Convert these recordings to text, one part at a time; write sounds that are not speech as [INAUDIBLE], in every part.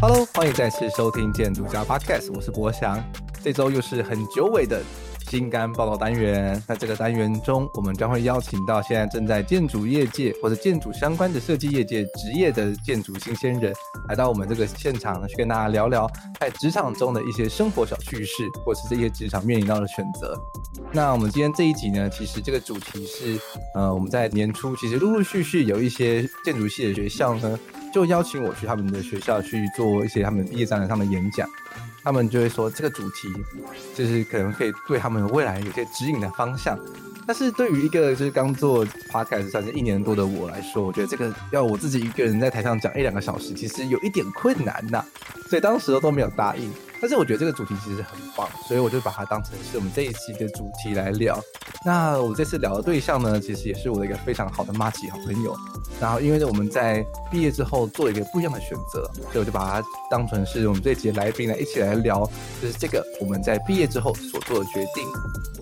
哈嘍，歡迎再次收聽建築+ Podcast，我是博翔。這週又是很久違的“新肝”報道單元。那這個單元中，我們將會邀請到現在正在建築業界或者建築相關的設計業界職業的建築新鮮人，來到我們這個現場呢，去跟大家聊聊在職場中的一些生活小趣事，或者是這些職場面臨到的選擇。那我們今天這一集呢，其實這個主題是，呃，我們在年初其實陸陸續續續有一些建築系的學校呢。就邀請我去他們的學校，去做一些他們畢業展覽上的演講，他們就會說，這個主題就是可能可以對他們未來有些指引的方向，但是對於一個就是剛做 Podcast 算是一年多的我來說，我覺得這個要我自己一個人在台上講一兩個小時，其實有一點困難吶、啊，所以當時都沒有答應。但是我覺得這個主題其實很棒，所以我就把它當成是我們這一期的主題來聊。那我這次聊的對象呢，其實也是我的一個非常好的麻吉好朋友。然後因為我們在畢業之後做一個不一樣的選擇，所以我就把它當成是我們這一集的來賓來一起來聊，就是這個我們在畢業之後所做的決定。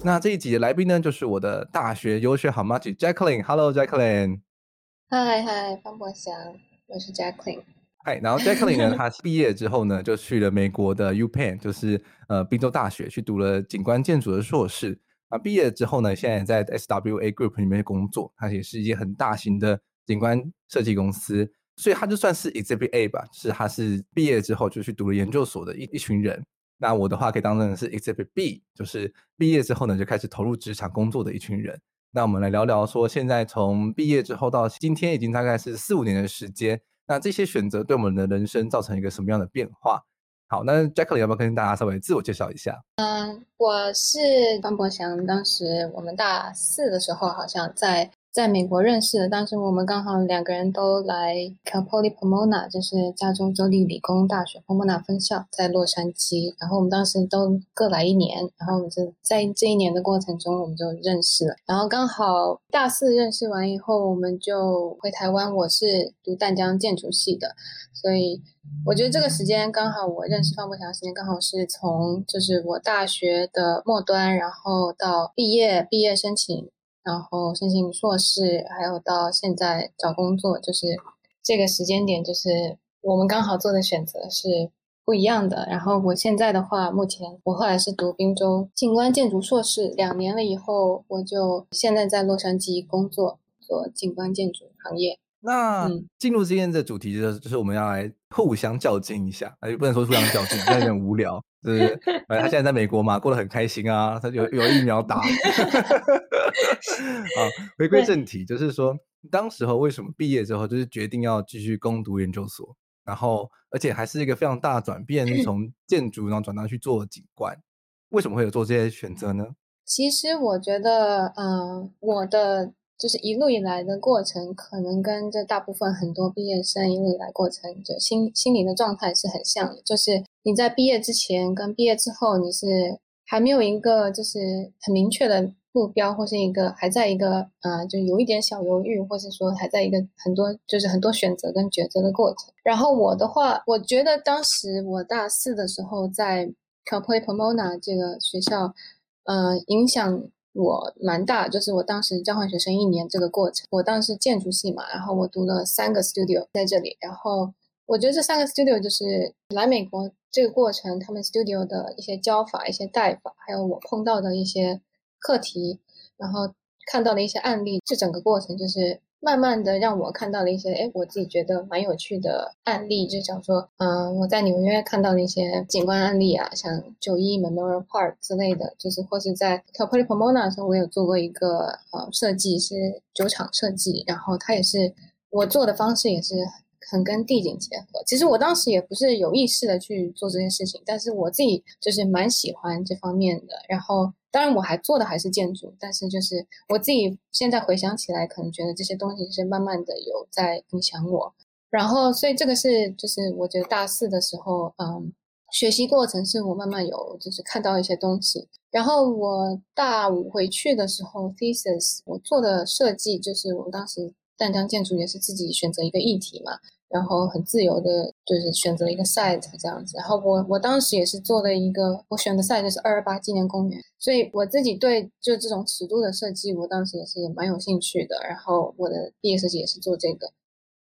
那這一集的來賓呢，就是我的大學優秀好麻吉 Jacklin。Hello，Jacklin。嗨嗨，方博翔，我是 Jacklin。嗨，然後 Jacklin 呢？ [LAUGHS] 他畢業之後呢，就去了美國的 U Penn，就是呃賓州大學，去讀了景觀建築的碩士。啊，畢業之後呢，現在也在 SWA Group 裡面工作，他也是一些很大型的景觀設計公司。所以他就算是 Exhibit A 吧，就是他是畢業之後就去讀了研究所的一一群人。那我的話可以當成是 Exhibit B，就是畢業之後呢就開始投入職場工作的一群人。那我們來聊聊說，現在從畢業之後到今天已經大概是四五年的時間。那這些選擇對我們的人生造成一個什麼樣的變化？好，那 Jacklin 要不要跟大家稍微自我介紹一下？嗯，我是方博祥，當時我們大四的時候，好像在。在美國認識的，當時我們剛好兩個人都來 Cal Poly Pomona 就是加州州立理工大學 Pomona 分校，在洛杉磯。然後我們當時都各來一年，然後我們就在這一年的過程中，我們就認識了。然後剛好大四認識完以後，我們就回台灣。我是讀淡江建築系的，所以我覺得這個時間剛好，我認識方博的時間剛好是從就是我大學的末端，然後到畢業畢業申請。然後申請碩士，還有到現在找工作，就是這個時間點，就是我們剛好做的選擇是不一樣的。然後我現在的話，目前我後來是讀賓州景觀建築碩士，兩年了以後，我就現在在洛杉磯工作，做景觀建築行業。那、嗯、進入今天的主題，就是就是我們要來互相較勁一下，哎，不能說互相較勁，比較有點無聊。 [LAUGHS] 就是，呃，他現在在美國嘛，過得很開心啊。他有有疫苗打。啊， [LAUGHS] 回歸正題，就是說，當時候為什麼畢業之後就是決定要繼續攻讀研究所，然後，而且還是一個非常大的轉變，從建築然後轉到去做景觀， [LAUGHS] 為什麼會有做這些選擇呢？其實我覺得，呃，我的就是一路以來的過程，可能跟這大部分很多畢業生一路以來過程，就心心靈的狀態是很像的，就是。你在畢業之前跟畢業之後，你是還沒有一個就是很明確的目標，或是一個還在一個呃，就有一點小猶豫，或者說還在一個很多就是很多選擇跟抉擇的過程。然後我的話，我覺得當時我大四的時候在 Cal Poly Pomona 這個學校，呃，嗯，影響我蠻大，就是我當時交換學生一年這個過程。我當時建築系嘛，然後我讀了三個 studio 在這裡，然後我覺得這三個 studio 就是來美國。這個過程，他們 studio 的一些教法、一些帶法，還有我碰到的一些課題，然後看到的一些案例，這整個過程就是慢慢的讓我看到了一些，哎，我自己覺得蠻有趣的案例。就想說，嗯、呃，我在紐約看到了一些景觀案例啊，像九一 Memorial Park 之類的，就是或是在 Cal Poly Pomona 的時候，我有做過一個呃設計，是酒廠設計，然後它也是我做的方式也是。很跟地景結合，其實我當時也不是有意識的去做這件事情，但是我自己就是蠻喜歡這方面的。然後當然我還做的還是建築，但是就是我自己現在回想起來，可能覺得這些東西是慢慢的有在影響我。然後所以這個是就是我覺得大四的時候，嗯，學習過程是我慢慢有就是看到一些東西。然後我大五回去的時候，thesis 我做的設計就是我當時淡江建築也是自己選擇一個議題嘛。然後很自由的，就是選擇了一個 site 這樣子。然後我我當時也是做的一個，我選的 site 就是二二八紀念公園。所以我自己對就這種尺度的設計，我當時也是蠻有興趣的。然後我的畢業設計也是做這個。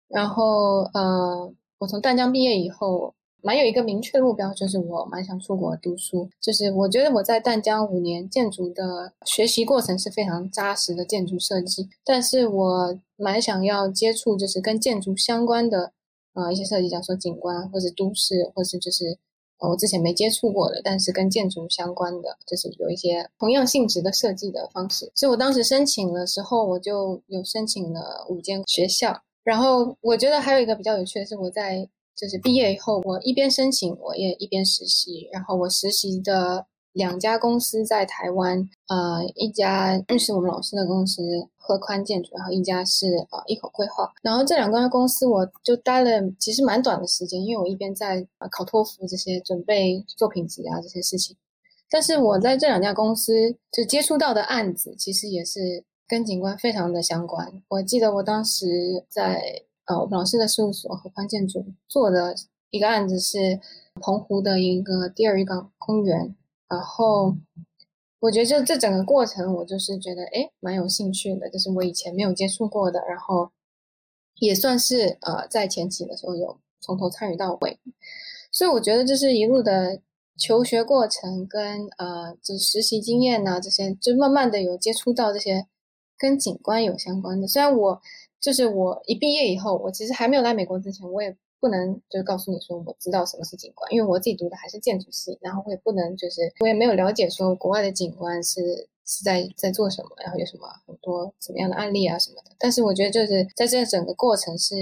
然後呃，我從淡江畢業以後。蠻有一個明確的目標，就是我蠻想出國讀書。就是我覺得我在淡江五年建築的學習過程是非常扎實的建築設計，但是我蠻想要接觸就是跟建築相關的啊、呃、一些設計，比如說景觀或者都市，或是就是我之前沒接觸過的，但是跟建築相關的，就是有一些同樣性質的設計的方式。所以我當時申請的時候，我就有申請了五間學校。然後我覺得還有一個比較有趣的是我在。就是畢業以後，我一邊申請，我也一邊實習。然後我實習的兩家公司在台灣，呃，一家認識我們老師的公司，和寬建築，然後一家是呃一口規劃。然後這兩家公司我就待了，其實蠻短的時間，因為我一邊在啊考托福這些，準備作品集啊這些事情。但是我在這兩家公司就接觸到的案子，其實也是跟景觀非常的相關。我記得我當時在。呃、哦，我們老師的事務所和潘建築做的一個案子，是澎湖的一個第二漁港公園。然後我覺得就這整個過程，我就是覺得哎，蠻有興趣的，就是我以前沒有接觸過的。然後也算是呃，在前期的時候有從頭參與到尾，所以我覺得這是一路的求學過程跟呃，就實習經驗吶、啊、這些，就慢慢的有接觸到這些跟景觀有相關的。雖然我。就是我一畢業以後，我其實還沒有來美國之前，我也不能就是告訴你說我知道什麼是景觀，因為我自己讀的還是建築系，然後我也不能就是我也沒有了解說國外的景觀是是在在做什麼，然後有什麼很多什麼樣的案例啊什麼的。但是我覺得就是在這整個過程是，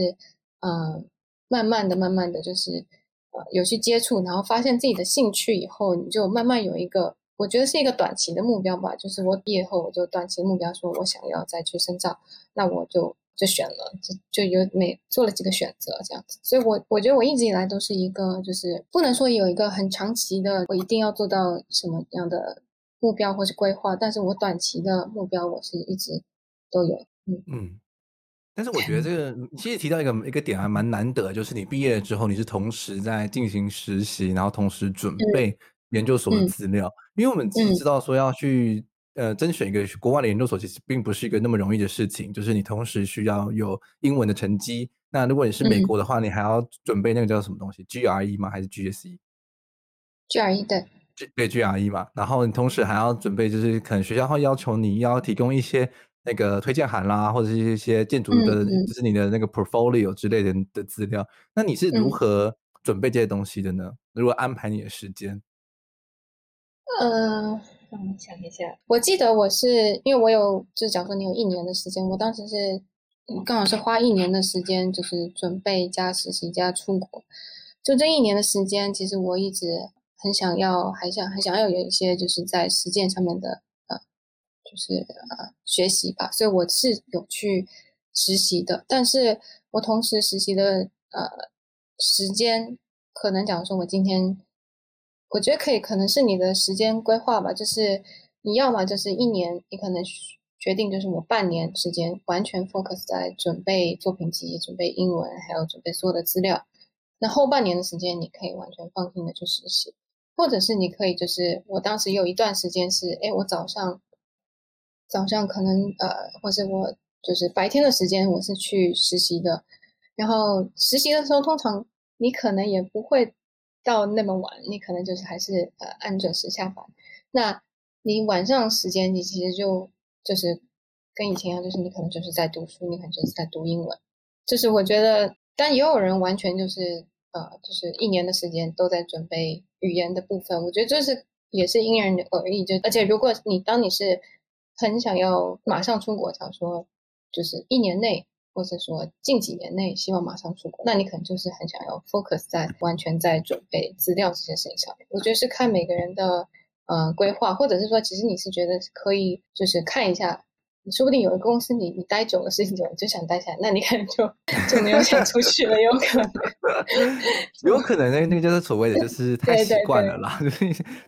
嗯、呃，慢慢的、慢慢的，就是呃有去接觸，然後發現自己的興趣以後，你就慢慢有一個，我覺得是一個短期的目標吧，就是我畢業後我就短期目標說我想要再去深造，那我就。就選了，就就有每做了幾個選擇這樣子，所以我我覺得我一直以來都是一個，就是不能說有一個很長期的，我一定要做到什麼樣的目標或是規劃，但是我短期的目標我是一直都有，嗯嗯。但是我覺得這個，其實提到一個一個點還蠻難得，就是你畢業了之後你是同時在進行實習，然後同時準備研究所的資料，嗯嗯、因為我們自己知道說要去、嗯。呃，甄選一個國外的研究所其實並不是一個那麼容易的事情，就是你同時需要有英文的成績。那如果你是美國的話，嗯，你還要準備那個叫什麼東西？GRE 嗎？還是 GAC？GRE 對。對，GRE 嘛。然後你同時還要準備，就是可能學校會要求你要提供一些那個推薦函啦，或者是一些建築的嗯嗯，就是你的那個 portfolio 之類的的資料。那你是如何準備這些東西的呢？嗯、如何安排你的時間？嗯、呃。想一下，我記得我是因為我有，就是假如說你有一年的時間，我當時是剛好是花一年的時間，就是準備加實習加出國，就這一年的時間，其實我一直很想要，還想很想要有一些就是在實踐上面的呃就是啊，呃、學習吧，所以我是有去實習的，但是我同時實習的呃時間，可能假如說我今天。我覺得可以，可能是你的時間規劃吧。就是你要麼就是一年，你可能決定就是我半年時間完全 focus 在準備作品集、準備英文，還有準備所有的資料。那後半年的時間，你可以完全放心的去實習，或者是你可以就是我當時有一段時間是，哎，我早上早上可能呃，或是我就是白天的時間我是去實習的，然後實習的時候通常你可能也不會到那麼晚，你可能就是還是呃按準時下班。那你晚上時間，你其實就就是跟以前一樣，就是你可能就是在讀書，你可能就是在讀英文。就是我覺得，但也有人完全就是呃就是一年的時間都在準備語言的部分。我覺得就是也是因人而異，就而且如果你當你是很想要馬上出國，想說就是一年內。或者說近幾年內希望馬上出國，那你可能就是很想要 focus 在完全在準備資料這件事情上面。我覺得是看每個人的嗯、呃、規劃，或者是說其實你是覺得可以就是看一下，說不定有一個公司你，你待久了，事情久了，你就想待下來，那你可能就就沒有想出去了， [LAUGHS] 有可能。 [LAUGHS] [LAUGHS] 有可能，那那個就是所謂的就是太習慣了啦，就是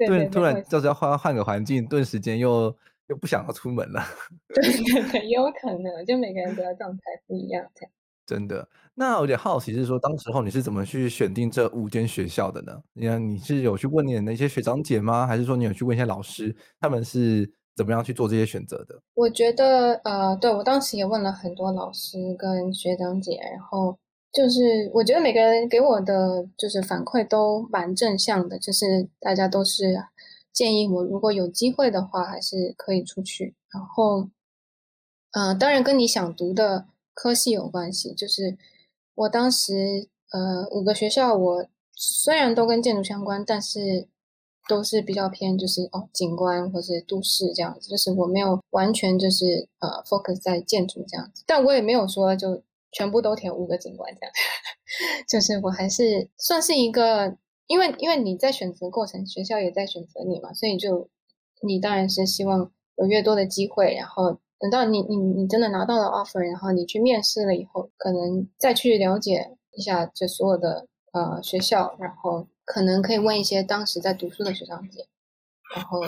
突然突然就是要換換個環境，頓時間又。就不想要出門了對，對 [LAUGHS] 對很有可能，就每個人的狀態不一樣。 [LAUGHS] 真的，那我有點好奇，是說當時候你是怎麼去選定這五間學校的呢？你看你是有去問你的那些學長姐嗎？還是說你有去問一下老師，他們是怎麼樣去做這些選擇的？我覺得，呃，對我當時也問了很多老師跟學長姐，然後就是我覺得每個人給我的就是反饋都蠻正向的，就是大家都是。建議我如果有機會的話，還是可以出去。然後，嗯、呃，當然跟你想讀的科系有關係。就是我當時，呃，五個學校我雖然都跟建築相關，但是都是比較偏，就是哦，景觀或是都市這樣子。就是我沒有完全就是呃 focus 在建築這樣子，但我也沒有說就全部都填五個景觀這樣。 [LAUGHS] 就是我還是算是一個。因為因為你在選擇過程，學校也在選擇你嘛，所以你就你當然是希望有越多的機會。然後等到你你你真的拿到了 offer，然後你去面試了以後，可能再去了解一下這所有的呃學校，然後可能可以問一些當時在讀書的學長姐，然後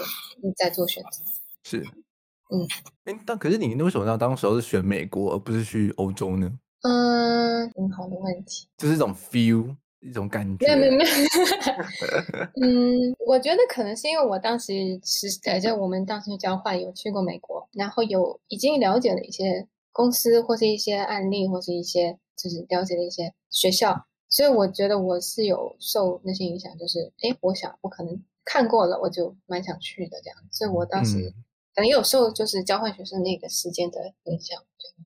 你再做選擇。是，嗯，哎，但可是你為什麼讓當時是選美國而不是去歐洲呢？嗯，很、嗯、好的問題，就是一種 feel。一種感覺，沒有沒有，嗯，我覺得可能是因為我當時實在是，反正我們當時交換有去過美國，然後有已經了解了一些公司或是一些案例或是一些就是了解了一些學校，所以我覺得我是有受那些影響，就是哎，我想我可能看過了，我就蠻想去的這樣，所以我當時可能也有受就是交換學生那個時間的影響，對。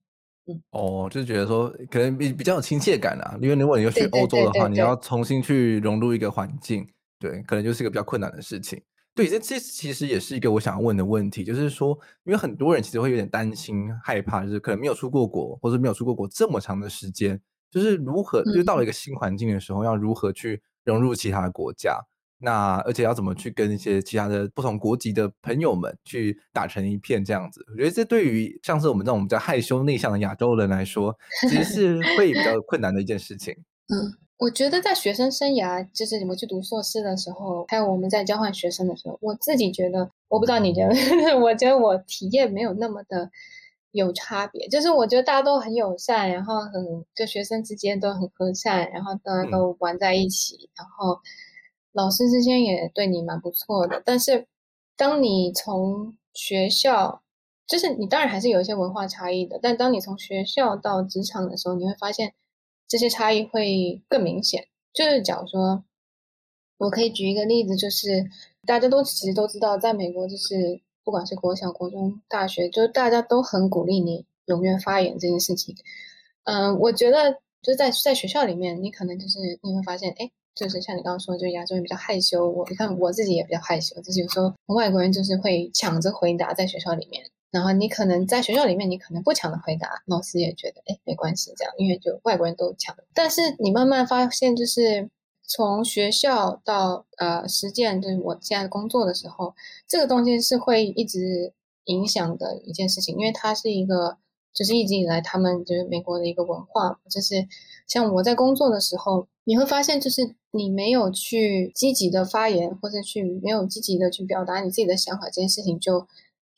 哦，就是覺得說，可能比比較有親切感啊。因為如果你要去歐洲的話，對對對對對對你要重新去融入一個環境，對，可能就是一個比較困難的事情。對，這這其實也是一個我想要問的問題，就是說，因為很多人其實會有點擔心、害怕，就是可能沒有出過國，或者沒有出過國這麼長的時間，就是如何，就到了一個新環境的時候，要如何去融入其他的國家。那而且要怎麼去跟一些其他的不同國籍的朋友們去打成一片這樣子？我覺得這對於像是我們這種比較害羞內向的亞洲人來說，其實是會比較困難的一件事情。 [LAUGHS] 嗯，我覺得在學生生涯，就是你們去讀碩士的時候，還有我們在交換學生的時候，我自己覺得，我不知道你覺得，嗯、 [LAUGHS] 我覺得我體驗沒有那麼的有差別。就是我覺得大家都很友善，然後很就學生之間都很和善，然後大家都玩在一起，嗯、然後。老師之間也對你蠻不錯的，但是當你從學校，就是你當然還是有一些文化差異的，但當你從學校到職場的時候，你會發現這些差異會更明顯。就是假如說，我可以舉一個例子，就是大家都其實都知道，在美國就是不管是國小、國中、大學，就大家都很鼓勵你踴躍發言這件事情。嗯、呃，我覺得就在在學校裡面，你可能就是你會發現，哎。就是像你剛剛說，就亞洲人比較害羞。我你看我自己也比較害羞，就是有時候外國人就是會搶着回答，在學校裡面。然後你可能在學校裡面，你可能不搶着回答，老師也覺得哎沒關係這樣，因為就外國人都搶。但是你慢慢發現，就是從學校到呃實踐，就是我現在工作的時候，這個東西是會一直影響的一件事情，因為它是一個就是一直以來他們就是美國的一個文化，就是。像我在工作的時候，你會發現，就是你沒有去積極的發言，或者去沒有積極的去表達你自己的想法，這件事情就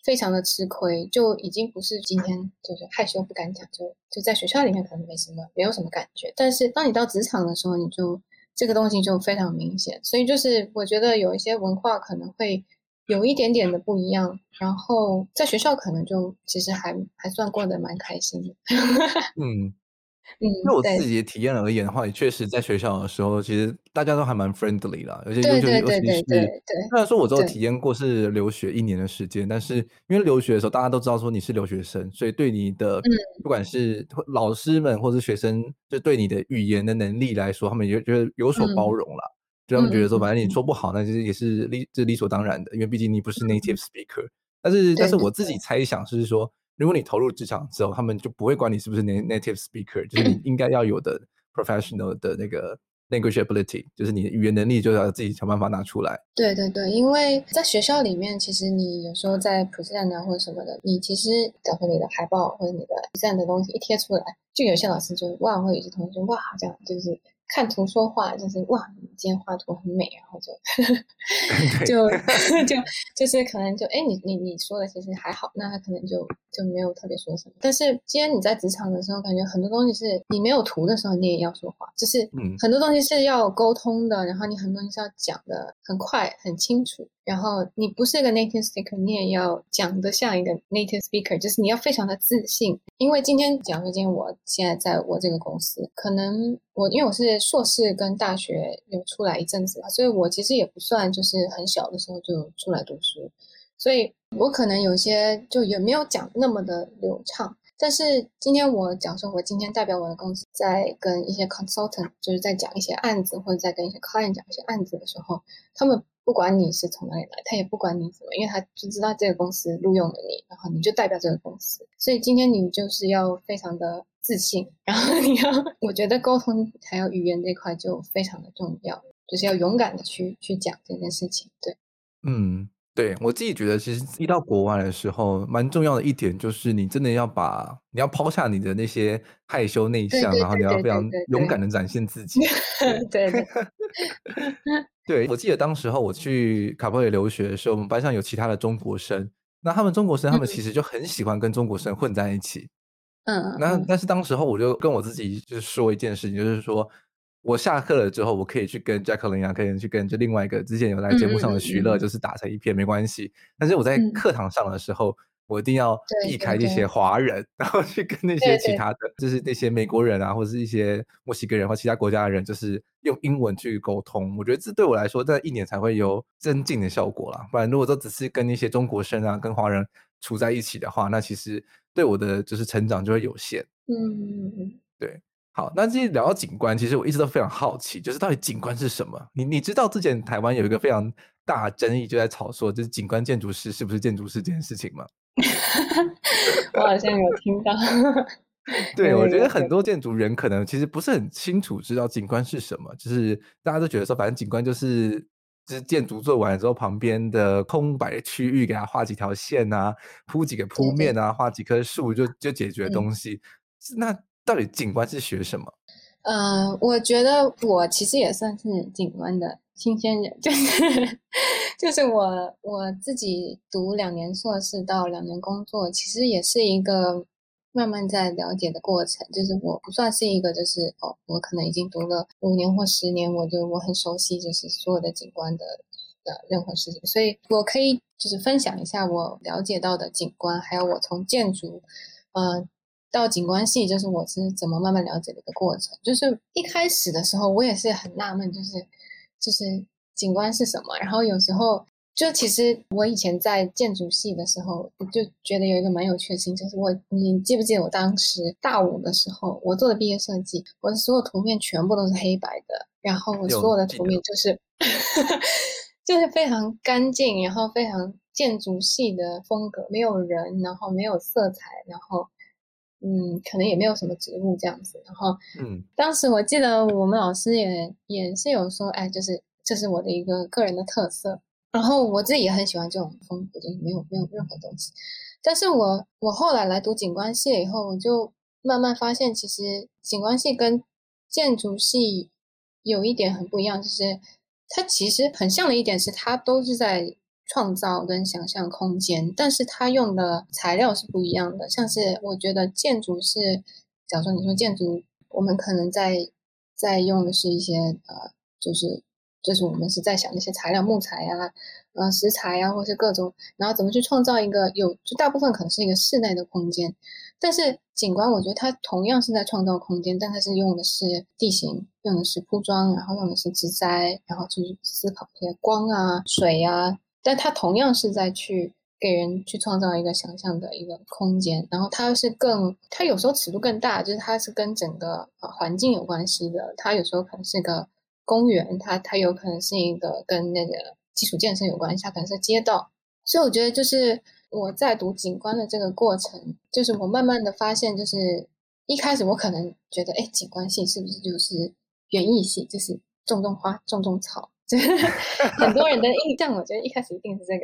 非常的吃虧，就已經不是今天就是害羞不敢講，就就在學校裡面可能沒什麼，沒有什麼感覺。但是當你到職場的時候，你就這個東西就非常明顯。所以就是我覺得有一些文化可能會有一點點的不一樣，然後在學校可能就其實還還算過得蠻開心的。 [LAUGHS] 嗯。嗯，就我自己的體驗而言的話，mm, 也確實在學校的時候，其實大家都還蠻 friendly 啦，有些就是，尤其是，雖然說我都體驗過是留學一年的時間，但是因為留學的時候，大家都知道說你是留學生，所以對你的，mm. 不管是老師們或是學生，就對你的語言的能力來說，他們也覺得有所包容啦。Mm. 就他們覺得說，反正你說不好、mm. 那其實也是理，是理所當然的，因為畢竟你不是 native speaker、mm.。但是，但是我自己猜想是說。對對對如果你投入職場之後，他們就不會管你是不是 native speaker，就是你應該要有的 professional 的那個 language ability， [LAUGHS] 就是你的語言能力，就要自己想辦法拿出來。對對對，因為在學校裡面，其實你有時候在 present 或者什麼的，你其實等會你的海報或者你的這的東西一貼出來，就有些老師就哇，或者有些同學就哇，這樣就是。看圖說話就是哇，你今天畫圖很美，然後就 [LAUGHS] 就 [LAUGHS] [LAUGHS] 就就是可能就哎、欸、你你你說的其實還好，那他可能就就沒有特別說什麼。但是今天你在職場的時候，感覺很多東西是你沒有圖的時候，你也要說話，就是很多東西是要溝通的，然後你很多東西是要講的很快很清楚，然後你不是一個 native speaker，你也要講的像一個 native speaker，就是你要非常的自信，因爲今天假如今天，我現在在我這個公司，可能我因爲我是。碩士跟大學又出來一陣子了，所以我其實也不算就是很小的時候就出來讀書，所以我可能有些就也沒有講那麼的流暢。但是今天我講說，我今天代表我的公司，在跟一些 consultant 就是在講一些案子，或者在跟一些 client 講一些案子的時候，他們。不管你是從哪裡來，他也不管你什麼，因為他就知道這個公司錄用了你，然後你就代表這個公司。所以今天你就是要非常的自信，然後你要，我覺得溝通還有語言這塊就非常的重要，就是要勇敢的去去講這件事情。對，嗯，對，我自己覺得，其實一到國外的時候，蠻重要的一點就是你真的要把，你要拋下你的那些害羞內向，對、對、對、對、對、對、對、對，然後你要非常勇敢的展現自己。對。對、對、對、對 [LAUGHS] 對，我記得當時候我去卡普里留學的時候，我們班上有其他的中國生，那他們中國生他們其實就很喜歡跟中國生混在一起，嗯，那但是當時候我就跟我自己就說一件事情，就是說我下課了之後，我可以去跟 Jacklin 啊，可以去跟就另外一個之前有來節目上的徐樂就是打成一片，嗯，沒關係，但是我在課堂上的時候，嗯嗯我一定要避開那些華人，然後去跟那些其他的，就是那些美國人啊，或者是一些墨西哥人或其他國家的人，就是用英文去溝通。我覺得這對我來說，在一年才會有增進的效果啦。不然，如果都只是跟那些中國生啊、跟華人處在一起的話，那其實對我的就是成長就會有限。嗯，嗯，嗯，嗯，對。好，那這些聊到景觀，其實我一直都非常好奇，就是到底景觀是什麼？你你知道之前台灣有一個非常大的爭議，就在吵說，就是景觀建築師是不是建築師這件事情嗎？ [LAUGHS] 我好像有聽到 [LAUGHS] [LAUGHS] 對，對我覺得很多建築人可能其實不是很清楚知道景觀是什麼，就是大家都覺得說，反正景觀就是就是建築做完了之後旁邊的空白區域，給它畫幾條線啊，鋪幾個鋪面啊，畫幾棵樹就就解決的東西。嗯。那到底景觀是學什麼？嗯、呃，我覺得我其實也算是景觀的新鮮人，就是就是我我自己讀兩年碩士到兩年工作，其實也是一個慢慢在了解的過程。就是我不算是一個，就是哦，我可能已經讀了五年或十年，我就我很熟悉，就是所有的景觀的的任何事情。所以，我可以就是分享一下我了解到的景觀，還有我從建築，嗯、呃。到景觀系就是我是怎麼慢慢了解的一個過程。就是一開始的時候，我也是很納悶，就是就是景觀是什麼。然後有時候就其實我以前在建築系的時候，就覺得有一個蠻有趣的事情，就是我你記不記得我當時大五的時候，我做的畢業設計，我的所有圖片全部都是黑白的，然後我所有我的圖片就是 [LAUGHS] 就是非常乾淨，然後非常建築系的風格，沒有人，然後沒有色彩，然後。嗯，可能也沒有什麼植物這樣子，然後，嗯，當時我記得我們老師也、嗯、也是有說，哎，就是這是我的一個個人的特色，然後我自己也很喜歡這種風格，就是沒有沒有任何東西，但是我我後來來讀景觀系了以後，我就慢慢發現，其實景觀系跟建築系有一點很不一樣，就是它其實很像的一點是，它都是在。創造跟想象空間，但是它用的材料是不一樣的。像是我覺得建築是，假如說你說建築，我們可能在在用的是一些呃，就是就是我們是在想那些材料，木材啊，呃石材呀，啊，或是各種，然後怎麼去創造一個有，就大部分可能是一個室內的空間。但是景觀，我覺得它同樣是在創造空間，但它是用的是地形，用的是鋪裝，然後用的是植栽，然後去思考一些光啊，水呀，啊。但它同樣是在去給人去創造一個想象的一個空間，然後它是更它有時候尺度更大，就是它是跟整個環境有關係的。它有時候可能是個公園，它它有可能是一個跟那個基礎建設有關係，它可能是街道。所以我覺得就是我在讀景觀的這個過程，就是我慢慢的發現，就是一開始我可能覺得，哎，景觀系是不是就是園藝系，就是種種花、種種草。 [LAUGHS] 很多人的印象，我覺得一開始一定是這個，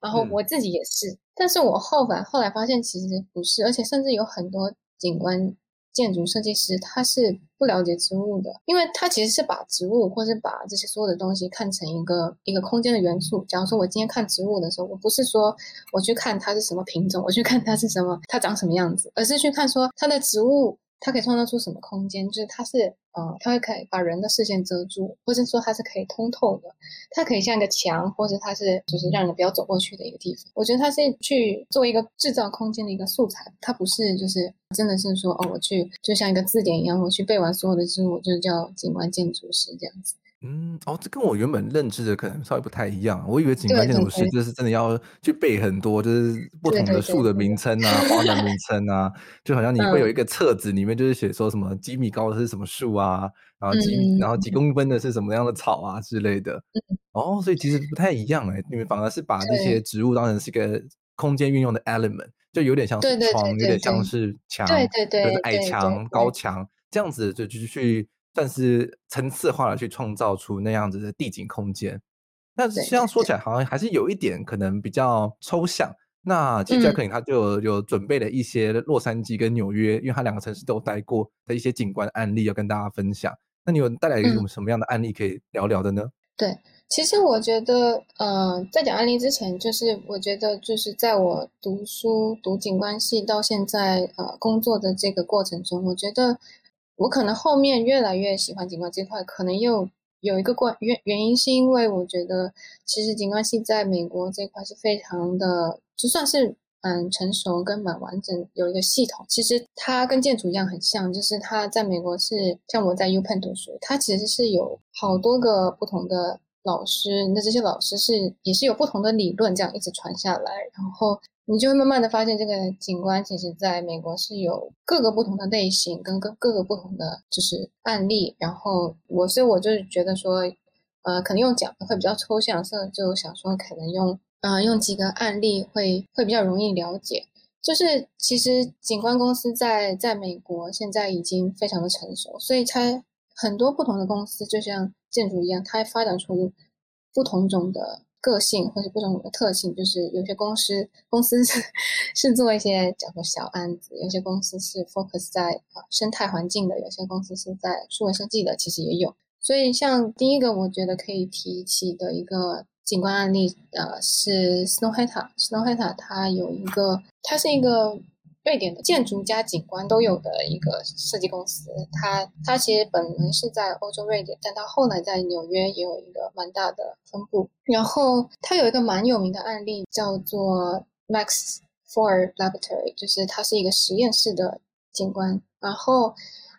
然後我自己也是，但是我後來後來發現其實不是，而且甚至有很多景觀建築設計師他是不了解植物的，因為他其實是把植物或是把這些所有的東西看成一個一個空間的元素。假如說我今天看植物的時候，我不是說我去看它是什麼品種，我去看它是什麼，它長什麼樣子，而是去看說它的植物。它可以創造出什麼空間？就是它是，呃它會可以把人的視線遮住，或者說它是可以通透的。它可以像一個牆，或者它是就是讓人不要走過去的一個地方。我覺得它是去做一個制造空間的一個素材，它不是就是真的是說，哦，我去就像一個字典一樣，我去背完所有的字，我就叫景觀建築師這樣子。嗯，哦，這跟我原本認知的可能稍微不太一樣。我以為景觀建築師就是真的要去背很多，就是不同的樹的名稱啊、花的名稱啊，就好像你會有一個冊子，裡面就是寫說什麼幾米高的是什麼樹啊，然後幾、嗯、然後幾公分的是什麼樣的草啊之類的、嗯。哦，所以其實不太一樣哎、欸，你們反而是把這些植物當成是一個空間運用的 element，就有點像是窗，有點像是牆，對對對，矮牆、高牆這樣子就去去。但是層次化的去創造出那樣子的地景空間，那實際上說起來好像還是有一點可能比較抽象。對對對，那接下來可能他就有準備了一些洛杉磯跟紐約，嗯，因為他兩個城市都待過的一些景觀案例要跟大家分享。那你有帶來有什麼樣的案例可以聊聊的呢？對，其實我覺得，呃，在講案例之前，就是我覺得就是在我讀書讀景觀系到現在，呃，工作的這個過程中，我覺得。我可能後面越來越喜歡景觀這塊，可能又有，有一個關，原原因，是因為我覺得其實景觀系在美國這塊是非常的，就算是嗯成熟跟蠻完整有一個系統。其實它跟建築一樣很像，就是它在美國是像我在 U Penn 讀書，它其實是有好多個不同的。老師，那這些老師是也是有不同的理論，這樣一直傳下來，然後你就會慢慢的發現，這個景觀其實在美國是有各個不同的類型，跟各各個不同的就是案例。然後我所以我就覺得說，呃，可能用講的會比較抽象，所以就想說可能用，啊、呃、用幾個案例會會比較容易了解。就是其實景觀公司在在美國現在已經非常的成熟，所以它。很多不同的公司就像建築一樣，它發展出不同種的個性或者不同種的特性。就是有些公司公司是是做一些，叫做小案子，有些公司是 focus 在啊生態環境的；有些公司是在數位設計的，其實也有。所以像第一個，我覺得可以提起的一個景觀案例，呃，是 Snohetta。Snohetta 它有一個，它是一個。瑞典的建築加景觀都有的一個設計公司，它它其實本來是在歐洲瑞典，但它後來在紐約也有一個蠻大的分部。然後它有一個蠻有名的案例叫做 MAX IV Laboratory，就是它是一個實驗室的景觀。然後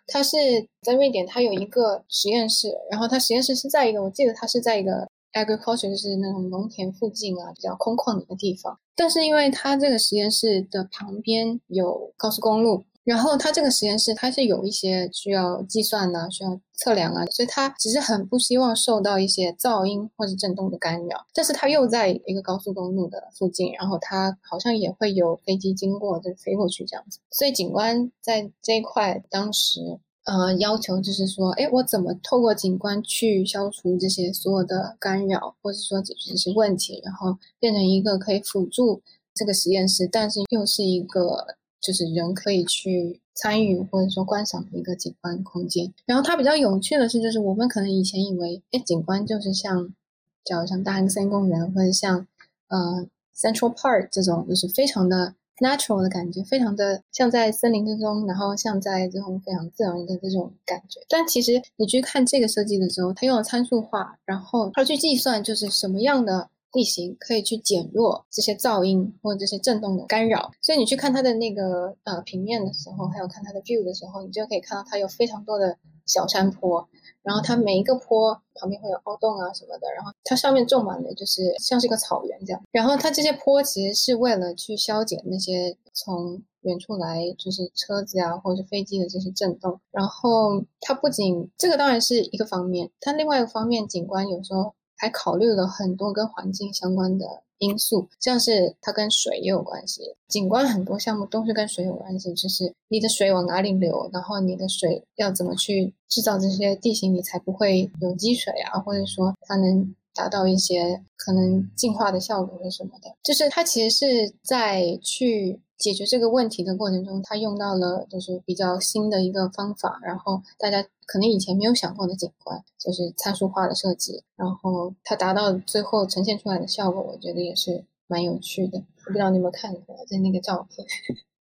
它是在瑞典，它有一個實驗室，然後它實驗室是在一個，我記得它是在一個。agriculture 就是那種農田附近啊，比較空曠的一個地方。但是因為它這個實驗室的旁邊有高速公路，然後它這個實驗室它是有一些需要計算啊，需要測量啊，所以它其實很不希望受到一些噪音或者震動的干擾。但是它又在一個高速公路的附近，然後它好像也會有飛機經過，就飛過去這樣子。所以景觀在這一塊當時。呃，要求就是說，哎，我怎麼透過景觀去消除這些所有的干擾，或者說解決這些問題，然後變成一個可以輔助這個實驗室，但是又是一個就是人可以去參與或者說觀賞的一個景觀空間。然後它比較有趣的是，就是我們可能以前以為，哎，景觀就是像，假如像大安森林公園或者像呃 Central Park 這種，就是非常的。natural 的感覺非常的像在森林之中，然後像在這種非常自然的這種感覺。但其實你去看這個設計的時候，它用了參數化，然後它去計算就是什麼樣的地形可以去減弱這些噪音或者這些震動的干擾。所以你去看它的那個呃平面的時候，還有看它的 view 的時候，你就可以看到它有非常多的。小山坡，然後它每一個坡旁邊會有凹洞啊什麼的，然後它上面種滿了，就是像是一個草原這樣。然後它這些坡其實是為了去消減那些從遠處來就是車子啊或者是飛機的這些震動。然後它不僅這個當然是一個方面，它另外一個方面景觀有時候還考慮了很多跟環境相關的。因素，像、就是它跟水也有關係，景觀很多項目都是跟水有關係，就是你的水往哪裡流，然後你的水要怎麼去製造這些地形，你才不會有積水啊，或者說它能。達到一些可能進化的效果是什麼的？就是它其實是在去解決這個問題的過程中，它用到了就是比較新的一個方法，然後大家可能以前沒有想過的景觀，就是參數化的設計，然後它達到最後呈現出來的效果，我覺得也是蠻有趣的。我不知道你們有看過在那個照片。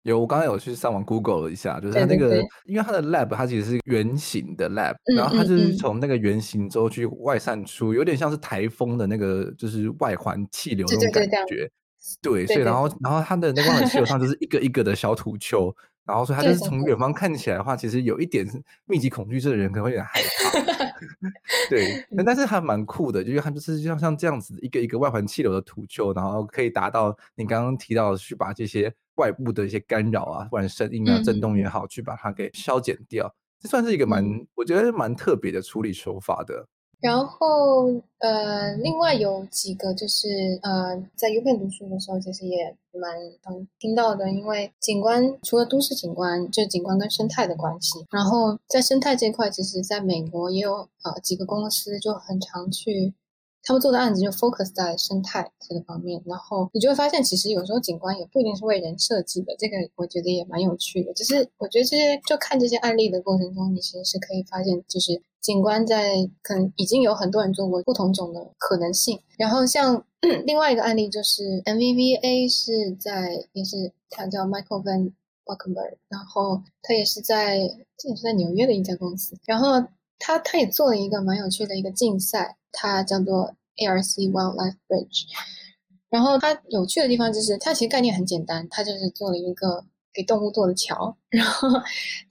有，我剛剛有去上網 Google 了一下，就是它那個對對對，因為它的 lab 它其實是圓形的 lab，嗯嗯嗯，然後它就是從那個圓形之後去外散出嗯嗯，有點像是颱風的那個，就是外環氣流那種感覺。對，對，對，對，對，對，對，所以然後然後它的那個環的氣流上就是一個一個的小土丘， [LAUGHS] 然後所以它就是從遠方看起來的話，其實有一點密集恐懼症的人可能會有點害怕。 [LAUGHS] [LAUGHS] 對，但是還蠻酷的，就是它就是像像這樣子一個一個外環氣流的土丘，然後可以達到你剛剛提到的去把這些。外部的一些干擾啊，不管聲音啊、震動也好，嗯、去把它給消減掉，這算是一個蠻，我覺得蠻特別的處理手法的。然後，呃，另外有幾個就是，呃，在 UPenn 讀書的時候，其實也蠻常聽到的，因為景觀除了都市景觀，就是景觀跟生態的關係。然後在生態這塊，其實在美國也有呃幾個公司就很常去。他們做的案子就 focus 在生態這個方面，然後你就會發現，其實有時候景觀也不一定是為人設計的，這個我覺得也蠻有趣的。就是我覺得這些，就看這些案例的過程中，你其實是可以發現，就是景觀在可能已經有很多人做過不同種的可能性。然後像另外一個案例，就是 MVVA 是在也是他叫 Michael Van Valkenburgh，然後他也是在這也是在紐約的一家公司，然後。他他也做了一個蠻有趣的一個競賽，它叫做 ARC Wildlife Bridge。然後它有趣的地方就是，它其實概念很簡單，它就是做了一個給動物做的橋。然後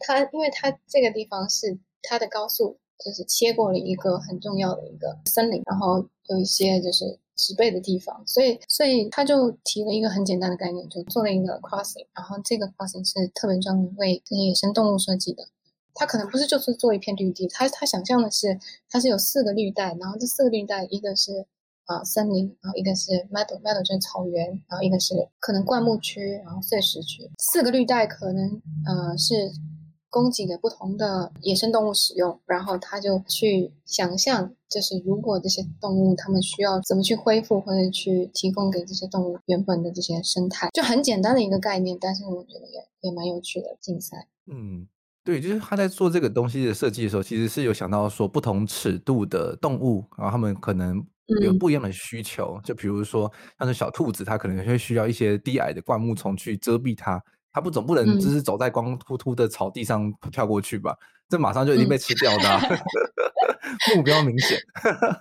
它因為它這個地方是它的高速，就是切過了一個很重要的一個森林，然後有一些就是植被的地方，所以所以它就提了一個很簡單的概念，就做了一個 crossing。然後這個 crossing 是特別專門為這些野生動物設計的。他可能不是就是做一片綠地，他他想象的是，他是有四個綠帶，然後這四個綠帶，一個是啊、呃、森林，然後一個是 Meadow Meadow 就是草原，然後一個是可能灌木區，然後碎石區，四個綠帶可能呃是供給給不同的野生動物使用，然後他就去想象，就是如果這些動物他們需要怎麼去恢復或者去提供給這些動物原本的這些生態，就很簡單的一個概念，但是我覺得也也蠻有趣的競賽，嗯。對，就是他在做這個東西的設計的時候，其實是有想到說不同尺度的動物，然後他們可能有不一樣的需求、嗯。就比如說，像是小兔子，它可能會需要一些低矮的灌木叢去遮蔽它。它不總不能只是走在光禿禿的草地上跳過去吧？嗯、這馬上就已經被吃掉的、啊，嗯、 [LAUGHS] 目標明顯。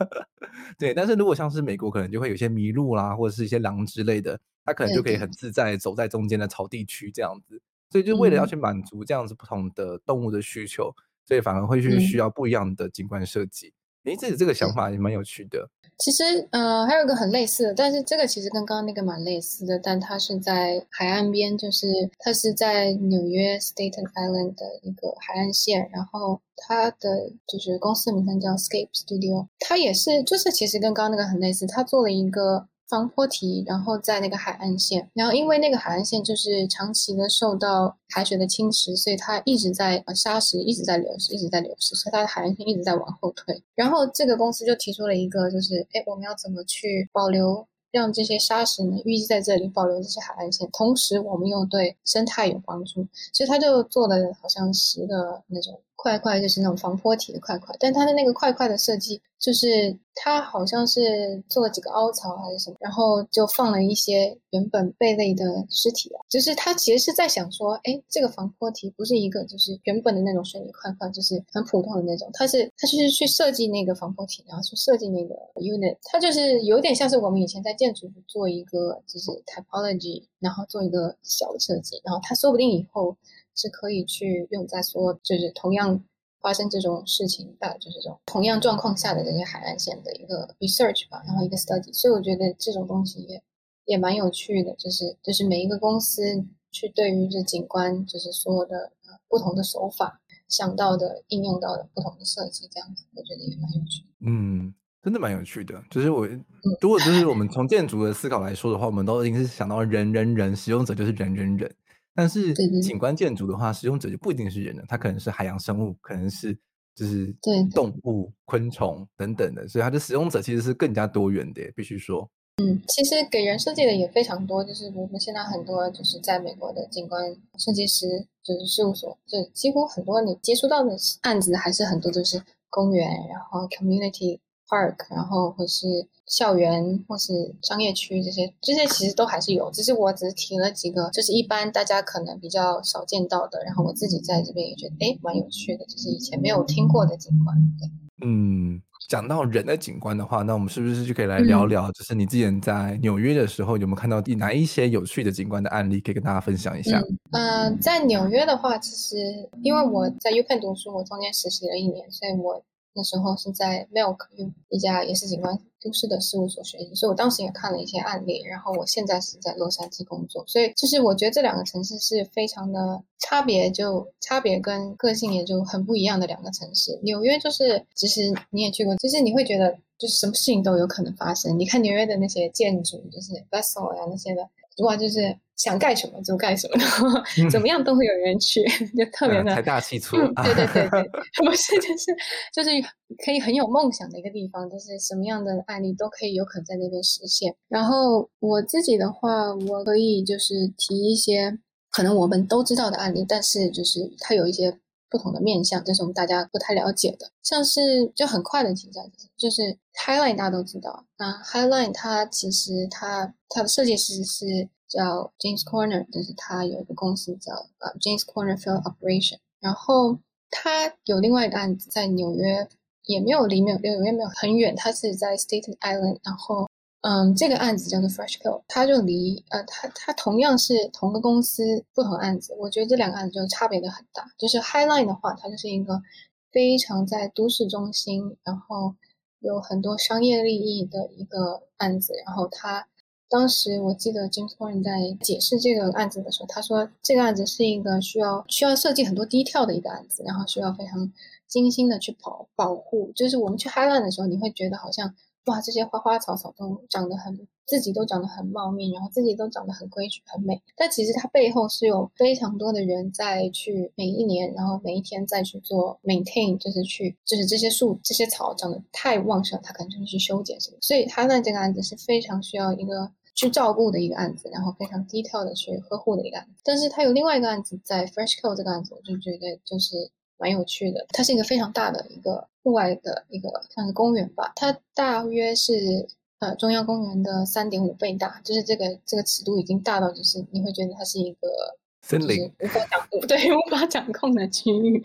[LAUGHS] 對，但是如果像是美國，可能就會有些麋鹿啦，或者是一些狼之類的，它可能就可以很自在走在中間的草地區這樣子。所以就為了要去滿足這樣子不同的動物的需求，嗯、所以反而會去需要不一樣的景觀設計、嗯。你自己這個想法也蠻有趣的。其實，呃，還有一個很類似的，但是這個其實跟剛剛那個蠻類似的，但它是在海岸邊，就是它是在紐約 Staten Island 的一個海岸線。然後它的就是公司名稱叫 Scape Studio，它也是就是其實跟剛剛那個很類似，它做了一個。防波堤，然後在那個海岸線，然後因為那個海岸線就是長期的受到海水的侵蝕，所以它一直在、呃、沙石一直在流失，一直在流失，所以它的海岸線一直在往後退。然後這個公司就提出了一個，就是哎，我們要怎麼去保留，讓這些沙石呢，淤積在這裡，保留這些海岸線，同時我們又對生態有幫助。所以它就做的好像是個那種。塊塊就是那種防波堤的塊塊，但它的那個塊塊的設計，就是它好像是做了幾個凹槽還是什麼，然後就放了一些原本貝類的屍體啊。就是他其實是在想說，哎，這個防波堤不是一個，就是原本的那種水泥塊塊，就是很普通的那種，他是他就是去設計那個防波堤，然後去設計那個 unit，他就是有點像是我們以前在建築做一個就是 typology。然後做一個小的設計，然後他說不定以後是可以去用在說，就是同樣發生這種事情的，就是這種同樣狀況下的這些海岸線的一個 research 吧，然後一個 study。所以我覺得這種東西也，也蠻有趣的，就是就是每一個公司去對於這景觀，就是說的，呃，不同的手法想到的、應用到的不同的設計，這樣子我覺得也蠻有趣的。嗯。真的蠻有趣的，就是我如果就是我們從建築的思考來說的話，嗯、我們都應該是想到人、人、人、人，使用者就是人、人、人。但是景觀建築的話，使用者就不一定是人了，它可能是海洋生物，可能是就是動物、昆蟲等等的，所以它的使用者其實是更加多元的，必須說。嗯，其實給人設計的也非常多，就是我們現在很多就是在美國的景觀設計師就是事務所，就幾乎很多你接觸到的案子還是很多就是公園，然後 community。Park，然後或是校園，或是商業區，這些這些其實都還是有。只是我只提了幾個，就是一般大家可能比較少見到的。然後我自己在這邊也覺得，哎，蠻有趣的，就是以前沒有聽過的景觀，對。嗯，講到人的景觀的話，那我們是不是就可以來聊聊？就是你之前在紐約的時候、嗯，有沒有看到哪一些有趣的景觀的案例，可以跟大家分享一下？嗯，呃、在紐約的話，其實因為我在 UPenn 讀書，我中間實習了一年，所以我。那時候是在 Milk 一一家也是景觀都市的事務所學習，所以我當時也看了一些案例。然後我現在是在洛杉磯工作，所以就是我覺得這兩個城市是非常的差別，就差別跟個性也就很不一樣的兩個城市。紐約就是，其實你也去過，就是你會覺得就是什麼事情都有可能發生。你看紐約的那些建築，就是 Vessel 啊那些的。哇，就是想幹什麼就幹什麼，的話、嗯、怎麼樣都會有人去，就特別的財大氣粗。對對對對， [LAUGHS] 不是，就是就是可以很有夢想的一個地方，就是什麼樣的案例都可以有可能在那邊實現。然後我自己的話，我可以就是提一些可能我們都知道的案例，但是就是它有一些。不同的面向，這是我們大家不太了解的，像是就很快的提一下，就是 Highline 大家都知道，那 Highline 它其實它它的設計師是叫 James Corner，但是它有一個公司叫呃 James Corner Field Operation，然後它有另外一個案子在紐約，也沒有離紐約紐約沒有很遠，它是在 Staten Island，然後。嗯，這個案子叫做 Freshkills，它就離呃，它它同樣是同個公司不同案子，我覺得這兩個案子就差別的很大。就是 High Line 的話，它就是一個非常在都市中心，然後有很多商業利益的一個案子。然後它當時我記得 James Corner 在解釋這個案子的時候，他說這個案子是一個需要需要設計很多 detail 的一個案子，然後需要非常精心的去保保護。就是我們去 High Line 的時候，你會覺得好像。哇，這些花花草草都長得很，自己都長得很茂密，然後自己都長得很規矩、很美。但其實它背後是有非常多的人在去每一年，然後每一天再去做 maintain，就是去，就是這些樹、這些草長得太旺盛，它可能就會去修剪什麼。所以它那這個案子是非常需要一個去照顧的一個案子，然後非常低調的去呵護的一個案子。但是它有另外一個案子，在 Freshkills 這個案子，我就覺得就是。蠻有趣的，它是一個非常大的一個戶外的一個像是公園吧，它大約是呃，中央公園的三點五倍大，就是這個這個尺度已經大到，就是你會覺得它是一個森林、就是、無法掌控，對，無法掌控的區域。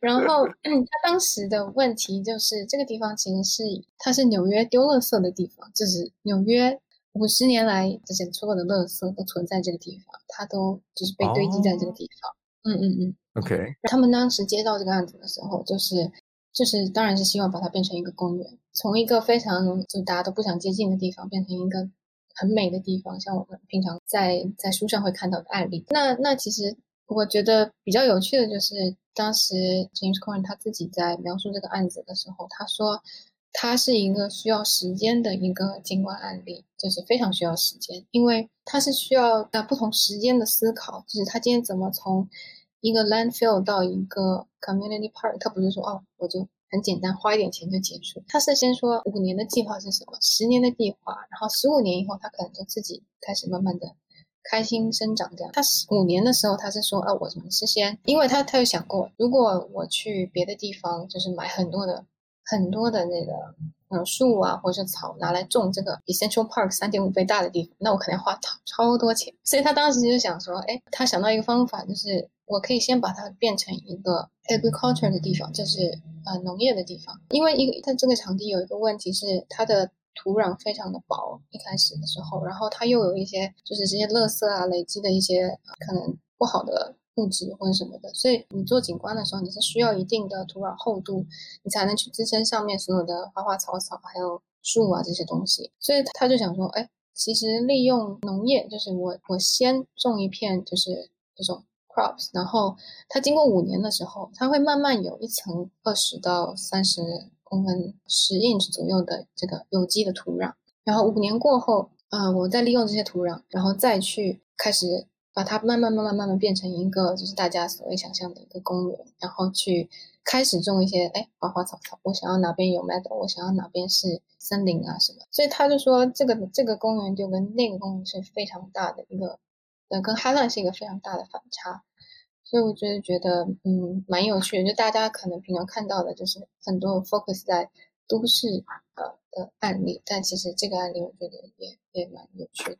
然後他、嗯、當時的問題就是這個地方其實是它是紐約丟垃圾的地方，就是紐約五十年來之前出過的垃圾都存在這個地方，它都就是被堆積在這個地方。Oh. 嗯嗯嗯，OK。他們當時接到這個案子的時候，就是，就是就是，當然是希望把它變成一個公園，從一個非常就大家都不想接近的地方，變成一個很美的地方，像我們平常在在書上會看到的案例。那那其實我覺得比較有趣的就是，當時 James Corner 他自己在描述這個案子的時候，他說，它是一個需要時間的一個景觀案例，就是非常需要時間，因為它是需要在不同時間的思考，就是它今天怎麼從一個 landfill 到一個 community park，它不是說哦，我就很簡單花一點錢就結束，它是先說五年的計劃是什麼，十年的計劃，然後十五年以後它可能就自己開始慢慢的開心生長這樣。它十五年的時候它是說哦、啊，我怎麼事先，因為它他有想過，如果我去別的地方就是買很多的。很多的那個嗯樹啊，或者是草拿來種這個比 Central Park 三點五倍大的地方，那我可能要花超多錢。所以他當時就想說，哎，他想到一個方法，就是我可以先把它變成一個 agriculture 的地方，就是呃農業的地方。因為一個它這個場地有一個問題是它的土壤非常的薄，一開始的時候，然後它又有一些就是這些垃圾啊累積的一些可能不好的。物質或者什麼的，所以你做景觀的時候，你是需要一定的土壤厚度，你才能去支撐上面所有的花花草草，還有樹啊這些東西。所以他就想說，哎，其實利用農業，就是我我先種一片就是這種 crops，然後它經過五年的時候，它會慢慢有一層二十到三十公分十 inch 左右的這個有機的土壤，然後五年過後，嗯、呃，我再利用這些土壤，然後再去開始。它慢慢慢慢慢慢變成一個，就是大家所謂想象的一個公園，然後去開始種一些哎花花草草。我想要哪邊有 meadow 我想要哪邊是森林啊什麼。所以他就說、這個，這個這個公園就跟那個公園是非常大的一個，呃，跟 Highline 是一個非常大的反差。所以我覺得覺得嗯蠻有趣的。就大家可能平常看到的就是很多 focus 在都市呃的,的案例，但其實這個案例我覺得也也蠻有趣的。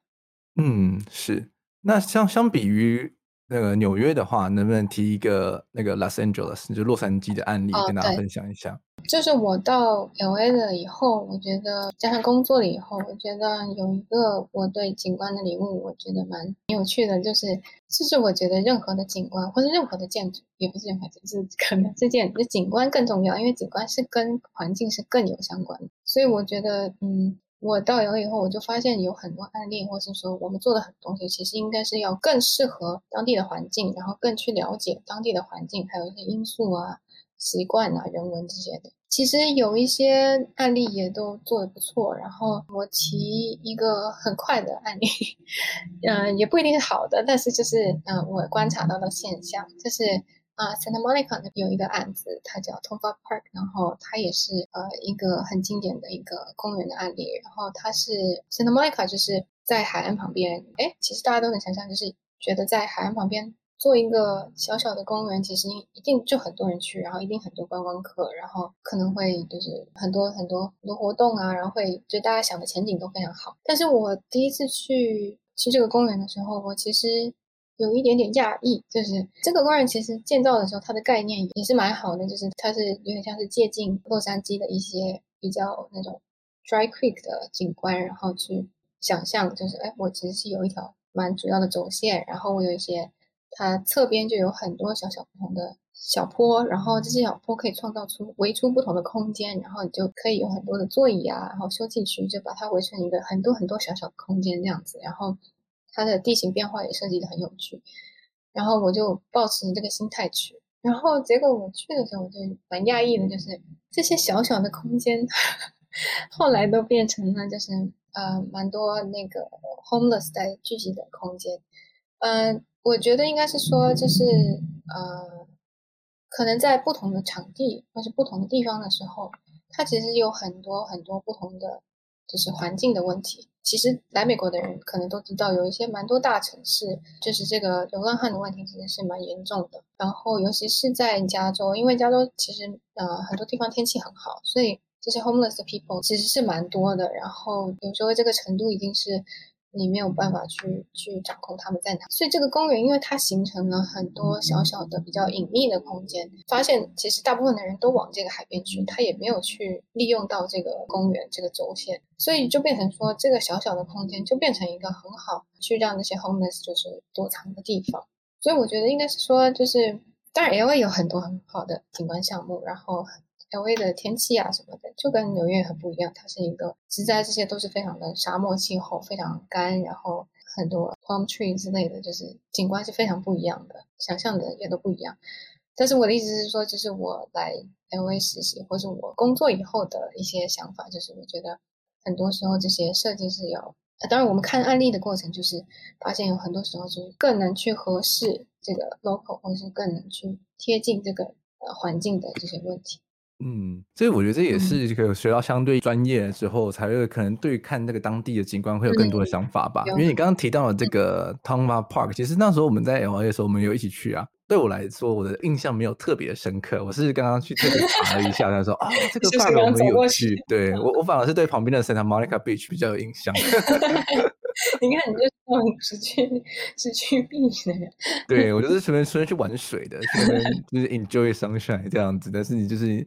嗯，是。那相相比於那個紐約的話，能不能提一個那個 Los Angeles，就是洛杉磯的案例跟大家分享一下？哦，就是我到 LA 了以後，我覺得加上工作了以後，我覺得有一個我對景觀的領悟，我覺得蠻有趣的，就是其實我覺得任何的景觀或者任何的建築，也不是任何建築，可能這建就景觀更重要，因為景觀是跟環境是更有相關的，所以我覺得嗯。我到游以後，我就發現有很多案例，或是說我們做的很多東西，其實應該是要更適合當地的環境，然後更去了解當地的環境，還有一些因素啊、習慣啊、人文這些的。其實有一些案例也都做得不錯。然後我提一個很快的案例，嗯、呃，也不一定是好的，但是就是嗯、呃，我觀察到的現象就是。啊，Santa Monica 那邊有一個案子，它叫 Tongva Park，然後它也是呃一個很經典的一個公園的案例。然後它是 Santa Monica 就是在海岸旁邊，哎，其實大家都很想象，就是覺得在海岸旁邊做一個小小的公園，其實一定就很多人去，然後一定很多觀光客，然後可能會就是很多很多很多活動啊，然後會就大家想的前景都非常好。但是我第一次去去這個公園的時候，我其實。有一點點訝異，就是這個公園其實建造的時候，它的概念也是蠻好的，就是它是有點像是借鑑洛杉磯的一些比較那種 dry creek 的景觀，然後去想象，就是哎，我其實是有一條蠻主要的軸線，然後我有一些它側邊就有很多小小不同的小坡，然後這些小坡可以創造出圍出不同的空間，然後你就可以有很多的座椅啊，然後休息區就把它圍成一個很多很多小小的空間這樣子，然後。它的地形變化也設計的很有趣，然後我就抱持這個心態去，然後結果我去的時候，我就蠻訝異的，就是這些小小的空間，後來都變成了就是呃蠻多那個 homeless 在聚集的空間。嗯、呃，我覺得應該是說，就是呃，可能在不同的場地或是不同的地方的時候，它其實有很多很多不同的就是環境的問題。其實來美國的人可能都知道，有一些蠻多大城市，就是這個流浪漢的問題其實是蠻嚴重的。然後，尤其是在加州，因為加州其實呃很多地方天氣很好，所以這些 homeless people 其實是蠻多的。然後，有時候這個程度已經是。你沒有辦法去去掌控他們在哪，所以這個公園因為它形成了很多小小的比較隱秘的空間。發現其實大部分的人都往這個海邊去，他也沒有去利用到這個公園這個軸線，所以就變成說，這個小小的空間就變成一個很好去讓那些 homeless 就是躲藏的地方。所以我覺得應該是說，就是當然 LA 有很多很好的景觀項目，然後。L.A. 的天氣啊什麼的，就跟紐約很不一樣。它是一個，實在這些都是非常的沙漠氣候，非常乾，然後很多 palm tree 之類的，就是景觀是非常不一樣的，想象的也都不一樣。但是我的意思是說，就是我來 L.A. 實習或者是我工作以後的一些想法，就是我覺得很多時候這些設計是有，啊，當然我們看案例的過程就是發現有很多時候就是更能去合適這個 local，或者是更能去貼近這個呃環境的這些問題。嗯，所以我覺得這也是一個學到相對專業之後、嗯，才會可能對看那個當地的景觀會有更多的想法吧。嗯嗯、因為你剛剛提到了這個 Tongva Park，、嗯、其實那時候我們在 LA 的時候，我們有一起去啊。對我來說，我的印象沒有特別的深刻。我是剛剛去特別查了一下，他 [LAUGHS] 說啊，這個畫我很有趣。對我，我反而是對旁邊的 Santa Monica Beach 比較有印象。 [LAUGHS] [LAUGHS] [LAUGHS] [LAUGHS] 你看，你就是是去是去避水。 [LAUGHS] 對，我就是純粹純粹去玩水的，純粹就是 enjoy sunshine 這樣子。但是你就是。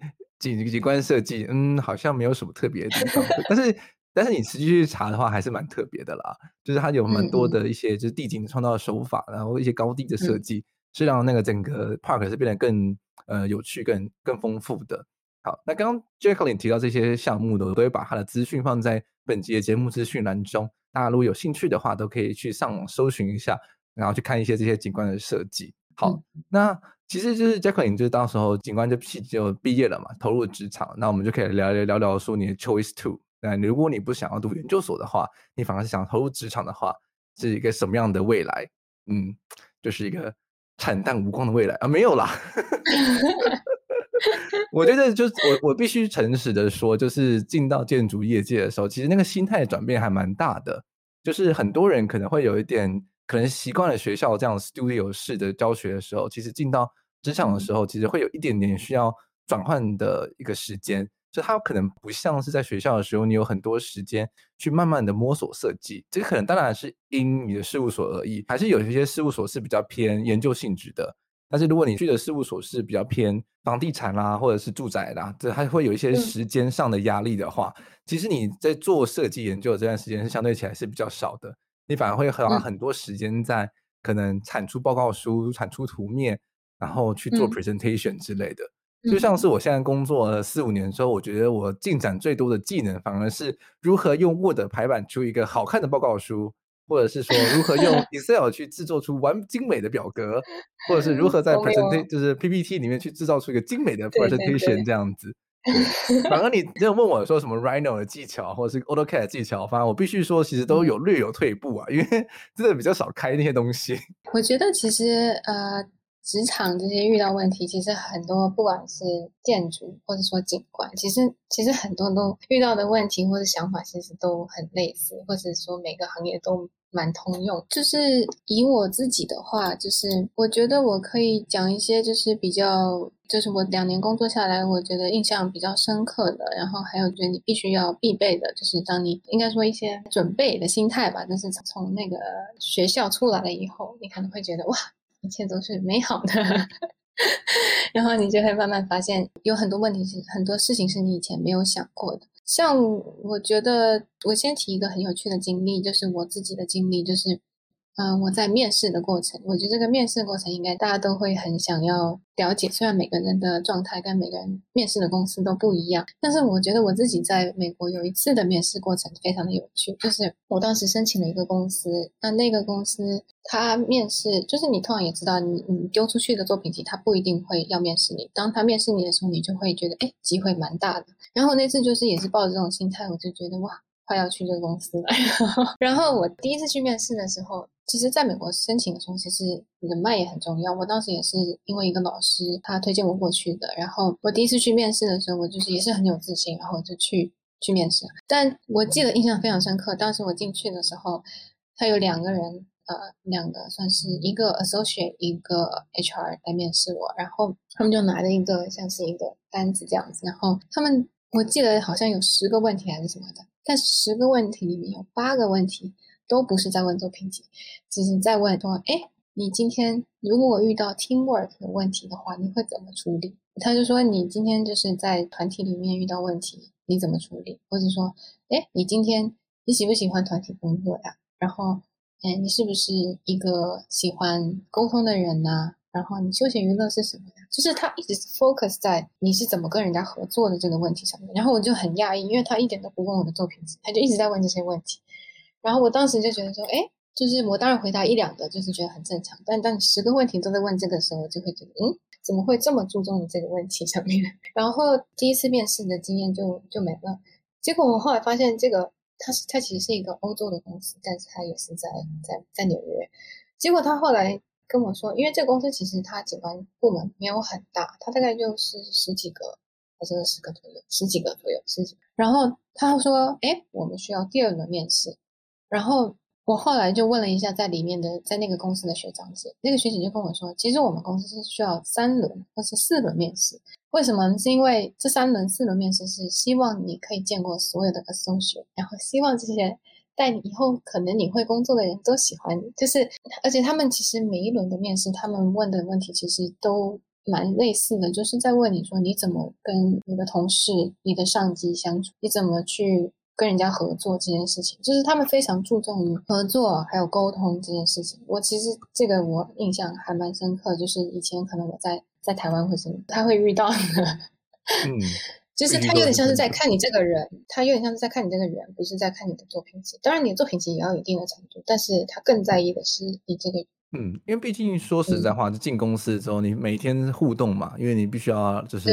景景觀設計，嗯，好像沒有什麼特別的地方， [LAUGHS] 但是但是你實際去查的話，還是蠻特別的啦。就是它有蠻多的一些就是地景創造的手法，嗯嗯，然後一些高低的設計嗯嗯，是讓那個整個 park 是變得更呃有趣、更更豐富的。好，那剛剛 Jacklin 提到這些項目的，我都會把他的資訊放在本集的節目資訊欄中，大家如果有興趣的話，都可以去上網搜尋一下，然後去看一些這些景觀的設計。好、嗯，那其實就是 Jacklin 就是到時候警官就畢就畢業了嘛，投入職場。那我們就可以聊聊聊聊說你的 choice two，那如果你不想要讀研究所的話，你反而是想要投入職場的話，是一個什麼樣的未來？嗯，就是一個慘淡無光的未來。啊，沒有啦。 [LAUGHS] [LAUGHS] [LAUGHS] [LAUGHS] 我覺得，就我我必須誠實的說，就是進到建築業界的時候，其實那個心態的轉變還蠻大的。就是很多人可能會有一點。可能習慣了學校這樣 studio 式的教學的時候，其實進到職場的時候，其實會有一點點需要轉換的一個時間，就它可能不像是在學校的時候，你有很多時間去慢慢的摸索設計。這個可能當然是因你的事務所而異，還是有一些事務所是比較偏研究性質的。但是如果你去的事務所是比較偏房地產啦，或者是住宅啦，這還會有一些時間上的壓力的話，其實你在做設計研究的這段時間是相對起來是比較少的。你反而會花很多時間在可能產出報告書、嗯、產出圖面，然後去做 presentation 之類的、嗯。就像是我現在工作了四五年之後，我覺得我進展最多的技能，反而是如何用 Word 排版出一個好看的報告書，或者是說如何用 Excel 去製作出完精美的表格， [LAUGHS] 或者是如何在 presentation 就是 PPT 裡面去製造出一個精美的 presentation，對對對，這樣子。 [LAUGHS] 反正你就問我說什麼 Rhino 的技巧，啊，或者是 AutoCAD 的技巧，反正我必須說，其實都有略有退步啊、嗯，因為真的比較少開那些東西。我覺得其實呃，職場這些遇到問題，其實很多不管是建築或者說景觀，其實其實很多都遇到的問題或者想法，其實都很類似，或者說每個行業都。蠻通用，就是以我自己的話，就是我覺得我可以講一些，就是比較，就是我兩年工作下來，我覺得印象比較深刻的，然後還有覺得你必須要必備的，就是當你應該說一些準備的心態吧。就是從那個學校出來了以後，你可能會覺得哇，一切都是美好的， [LAUGHS] 然後你就會慢慢發現，有很多問題是很多事情是你以前沒有想過的。像我覺得，我先提一個很有趣的經歷，就是我自己的經歷，就是。嗯、呃，我在面試的過程，我覺得這個面試過程應該大家都會很想要了解。雖然每個人的狀態跟每個人面試的公司都不一樣，但是我覺得我自己在美國有一次的面試過程非常的有趣。就是我當時申請了一個公司，那那個公司他面試，就是你通常也知道，你你丟出去的作品集，他不一定會要面試你。當他面試你的時候，你就會覺得哎，機會蠻大的。然後那次就是也是抱着這種心態，我就覺得哇，快要去這個公司了。 [LAUGHS] 然後我第一次去面試的時候。其實，在美國申請的時候，其實人脈也很重要。我當時也是因為一個老師，他推薦我過去的。然後我第一次去面試的時候，我就是也是很有自信，然後就去去面試。但我記得印象非常深刻，當時我進去的時候，他有兩個人，呃，兩個算是一個 associate，一個 HR 來面試我。然後他們就拿着一個像是一個單子這樣子，然後他們我記得好像有十個問題還是什麼的，但是十個問題裡面有八個問題。都不是在問作品集，只是在問說：“哎，你今天如果我遇到 teamwork 的問題的話，你會怎麼處理？”他就說：“你今天就是在團體裡面遇到問題，你怎麼處理？”或者說：“哎，你今天你喜不喜歡團體工作呀？然後，哎，你是不是一個喜歡溝通的人呢、啊？然後你休閒娛樂是什麼呀？就是他一直 focus 在你是怎麼跟人家合作的這個問題上面，然後我就很訝異，因為他一點都不問我的作品集，他就一直在問這些問題。然後我當時就覺得說，哎，就是我當然回答一兩個，就是覺得很正常。但當你十個問題都在問這個時候，我就會覺得，嗯，怎麼會這麼注重這個問題上面？然後第一次面試的經驗就就沒了。結果我後來發現，這個他是他其實是一個歐洲的公司，但是他也是在在在紐約。結果他後來跟我說，因為這個公司其實他景觀部門沒有很大，他大概就是十幾個，或者十個左右，十幾個左右。十幾個。然後他說，哎，我們需要第二輪面試。然後我後來就問了一下，在裡面的，在那個公司的學長姐，那個學姐就跟我說，其實我們公司是需要三輪，或是四輪面試。為什麼？是因為這三輪、四輪面試是希望你可以見過所有的 associate，然後希望這些帶你、以後可能你會工作的人都喜歡你。就是，而且他們其實每一輪的面試，他們問的問題其實都蠻類似的，就是在問你說，你怎麼跟你的同事、你的上級相處，你怎麼去。跟人家合作這件事情，就是他們非常注重於合作還有溝通這件事情。我其實這個我印象還蠻深刻，就是以前可能我在在台灣會是他會遇到的， [LAUGHS] 嗯，就是、嗯、他有點像是在看你這個人，他有點像是在看你這個人，不是在看你的作品集。當然你的作品集也要有一定的程度，但是他更在意的是你這個人。嗯，因為畢竟說實在話，嗯、就進公司之後，你每天互動嘛，因為你必須要就是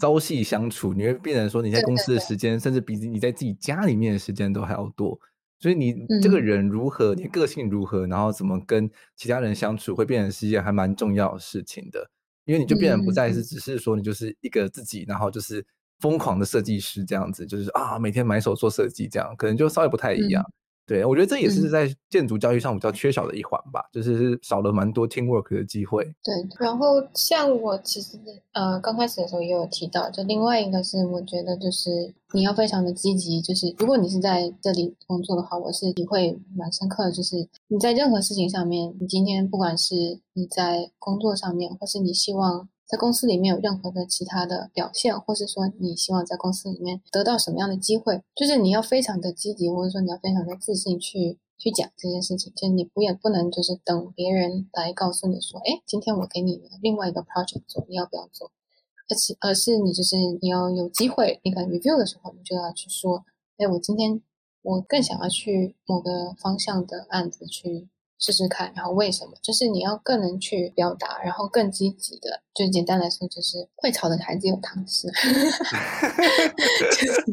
朝夕相處，對對對你會變成說你在公司的時間對對對，甚至比你在自己家裡面的時間都還要多。所以你這個人如何，嗯、你個性如何，然後怎麼跟其他人相處，會變成是一件還蠻重要的事情的。因為你就變成不再是只是說你就是一個自己，嗯、然後就是瘋狂的設計師這樣子，就是啊每天埋首做設計這樣，可能就稍微不太一樣。嗯對，我覺得這也是在建築教育上比較缺少的一環吧，嗯，就是少了蠻多 team work 的機會。對，然後像我其實呃剛開始的時候也有提到，就另外一個是我覺得就是你要非常的積極，就是如果你是在這裡工作的話，我是體會蠻深刻的，就是你在任何事情上面，你今天不管是你在工作上面，或是你希望。在公司裡面有任何的其他的表現，或是說你希望在公司裡面得到什麼樣的機會，就是你要非常的積極，或者說你要非常的自信去去講這件事情。就是你不也不能就是等別人來告訴你說，哎，今天我給你另外一個 project 做，你要不要做？而且而是你就是你要有機會那個 review 的時候，你就要去說，哎，我今天我更想要去某個方向的案子去。試試看，然後為什麼？就是你要更能去表達，然後更積極的。就簡單來說，就是會吵的孩子有糖吃、 [LAUGHS] 就是。就是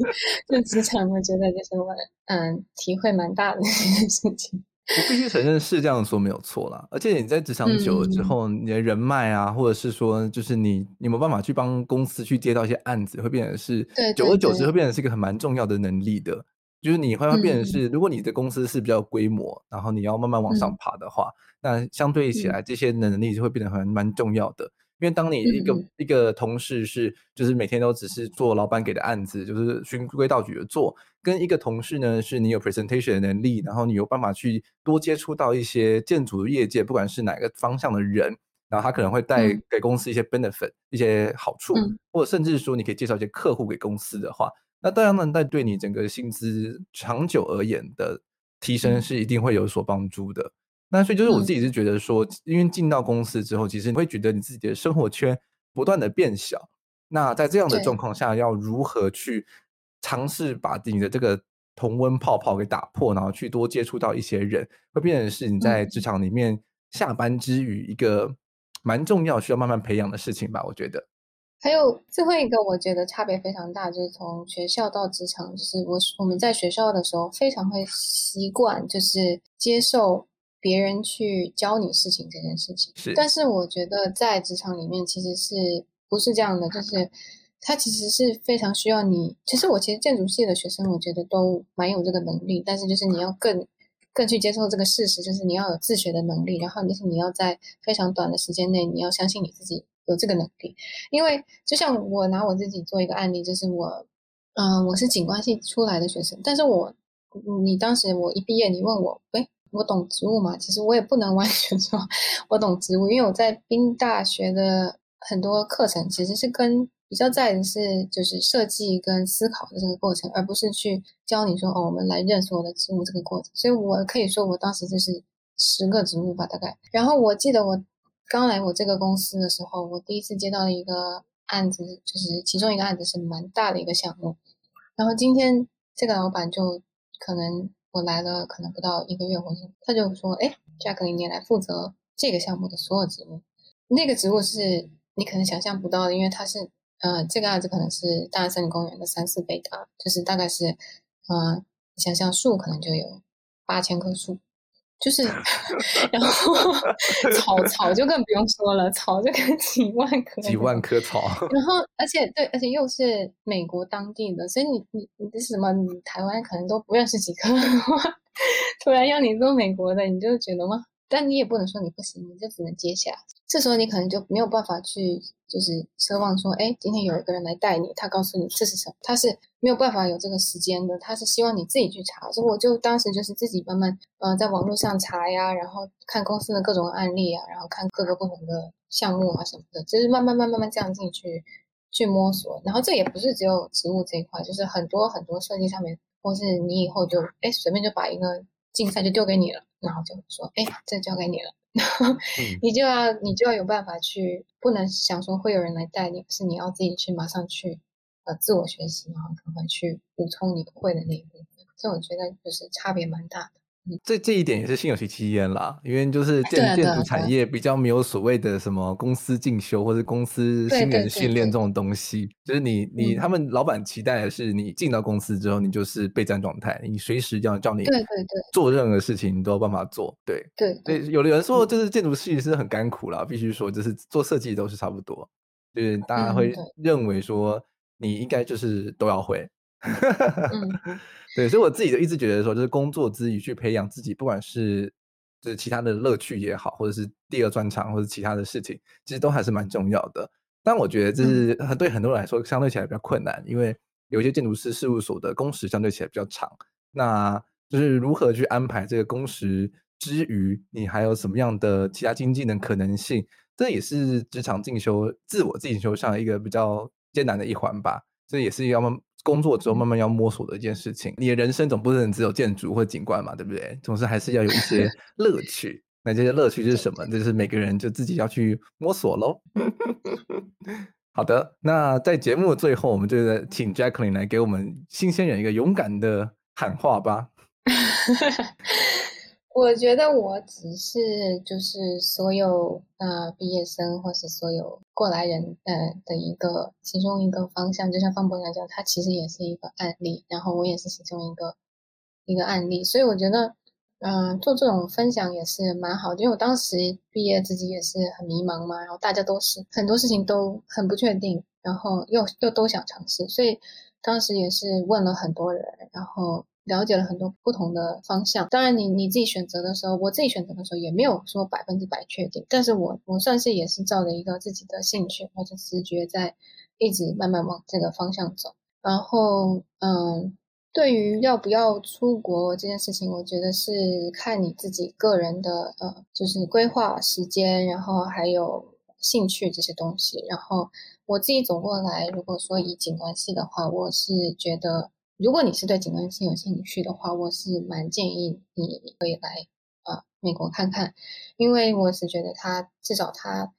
在職場，我覺得這是我嗯體會蠻大的一件事情。我必須承認是這樣說沒有錯啦，而且你在職場久了之後，嗯、你的人脈啊，或者是說就是你你有沒有辦法去幫公司去接到一些案子，會變成是，對，，久而久之會變成是一個很蠻重要的能力的。對對對。就是你會變成是，如果你的公司是比較規模，嗯、然後你要慢慢往上爬的話，嗯，那相對起來這些能力就會變得很蠻重要的，嗯。因為當你一個、嗯、一個同事是，就是每天都只是做老闆給的案子，嗯、就是循規蹈矩的做，跟一個同事呢，是你有 presentation 的能力，然後你有辦法去多接觸到一些建築業界，不管是哪個方向的人，然後他可能會帶給公司一些 benefit、嗯、一些好處、嗯，或者甚至說你可以介紹一些客戶給公司的話。那當然呢，那對你整個薪資長久而言的提升是一定會有所幫助的。嗯。那所以就是我自己是覺得說，嗯。因為進到公司之後，其實你會覺得你自己的生活圈不斷的變小。那在這樣的狀況下，要如何去嘗試把你的這個同溫泡泡給打破，然後去多接觸到一些人，會變成是你在職場裡面下班之餘一個蠻重要需要慢慢培養的事情吧，我覺得。還有最後一個，我覺得差別非常大，就是從學校到職場，就是我我們在學校的時候非常會習慣，就是接受別人去教你事情這件事情。是，但是我覺得在職場裡面其實是不是這樣的，就是他其實是非常需要你。其實我其實建築系的學生，我覺得都蠻有這個能力，但是就是你要更更去接受這個事實，就是你要有自學的能力，然後就是你要在非常短的時間內，你要相信你自己，有這個能力，因為就像我拿我自己做一個案例，就是我，嗯、呃，我是景觀系出來的學生，但是我，你當時我一畢業，你問我，誒，我懂植物嗎？其實我也不能完全說我懂植物，因為我在賓大學的很多課程其實是跟比較在意的是就是設計跟思考的這個過程，而不是去教你說哦，我們來認識我的植物這個過程。所以我可以說我當時就是十個植物吧，大概。然後我記得我。剛來我這個公司的時候，我第一次接到了一個案子，就是其中一個案子是蠻大的一個項目。然後今天這個老闆就可能我來了可能不到一個月，或者他就說：“哎，Jacklin，你來負責這個項目的所有職務。那個職務是你可能想象不到的，因為他是……呃，這個案子可能是大安森林公園的三四倍大，就是大概是……嗯、呃，想象樹可能就有八千棵樹。”就是，然後草草就更不用說了，草就跟幾萬棵，幾萬棵草。然後，而且對，而且又是美國當地的，所以你你你這什麼？你台灣可能都不認識幾棵，突然要你做美國的，你就覺得嗎？但你也不能說你不行，你就只能接下來。這時候你可能就沒有辦法去，就是奢望說，哎，今天有一個人來帶你，他告訴你這是什麼，他是沒有辦法有這個時間的。他是希望你自己去查。所以我就當時就是自己慢慢，呃在網絡上查呀，然後看公司的各種案例啊，然後看各個不同的項目啊什麼的，就是慢慢慢慢慢慢這樣進去去摸索。然後這也不是只有植物這一塊，就是很多很多設計上面，或是你以後就哎隨便就把一個競賽就丟給你了。然後就說：“哎，這交給你了，然 [LAUGHS] 後你就要你就要有辦法去，不能想說會有人來帶你，是你要自己去馬上去呃自我學習，然後趕快去補充你不會的那一部分。”所以我覺得就是差別蠻大的。這這一點也是心有戚戚焉啦，因為就是建對啊對啊對啊建築產業比較沒有所謂的什麼公司進修或者公司新人訓練這種東西，對對對對就是你你、嗯、他們老闆期待的是你進到公司之後你就是備戰狀態，你隨時要叫，叫你做任何事情你都有辦法做，對對、對、對。所以有的人說就是建築設計師很甘苦啦，必須說就是做設計都是差不多，就是大家會認為說你應該就是都要會。嗯哈哈哈，對，所以我自己就一直覺得說，就是工作之餘去培養自己，不管是就是其他的樂趣也好，或者是第二專長，或者其他的事情，其實都還是蠻重要的。但我覺得這是對很多人來說相對起來比較困難，因為有些建築師事務所的工時相對起來比較長，那就是如何去安排這個工時之餘，你還有什麼樣的其他經濟的可能性？這也是職場進修、自我進修上一個比較艱難的一環吧。這也是要麼，工作之後慢慢要摸索的一件事情，你的人生總不能只有建築或景觀嘛，對不對？總是還是要有一些樂趣。 [LAUGHS] 那這些樂趣是什麼？就是每個人就自己要去摸索咯 [LAUGHS] 好的，那在節目的最後，我們就請 Jacklin 來給我們新鮮人一個勇敢的喊話吧。 [LAUGHS] 我覺得我只是就是所有呃畢業生，或是所有過來人的呃的一個其中一個方向，就像方博講講，他其實也是一個案例，然後我也是其中一個一個案例，所以我覺得嗯、呃、做這種分享也是蠻好的，因為我當時畢業自己也是很迷茫嘛，然後大家都是很多事情都很不確定，然後又又都想嘗試，所以當時也是問了很多人，然後。了解了很多不同的方向，當然你你自己選擇的時候，我自己選擇的時候也沒有說百分之百確定，但是我我算是也是照着一個自己的興趣或者直覺在一直慢慢往這個方向走。然後嗯，對於要不要出國這件事情，我覺得是看你自己個人的呃、嗯，就是規劃時間，然後還有興趣這些東西。然後我自己走過來，如果說以景觀系的話，我是覺得。如果你是對景觀系有興趣的話，我是蠻建議你可以來啊、呃、美國看看，因為我是覺得它至少它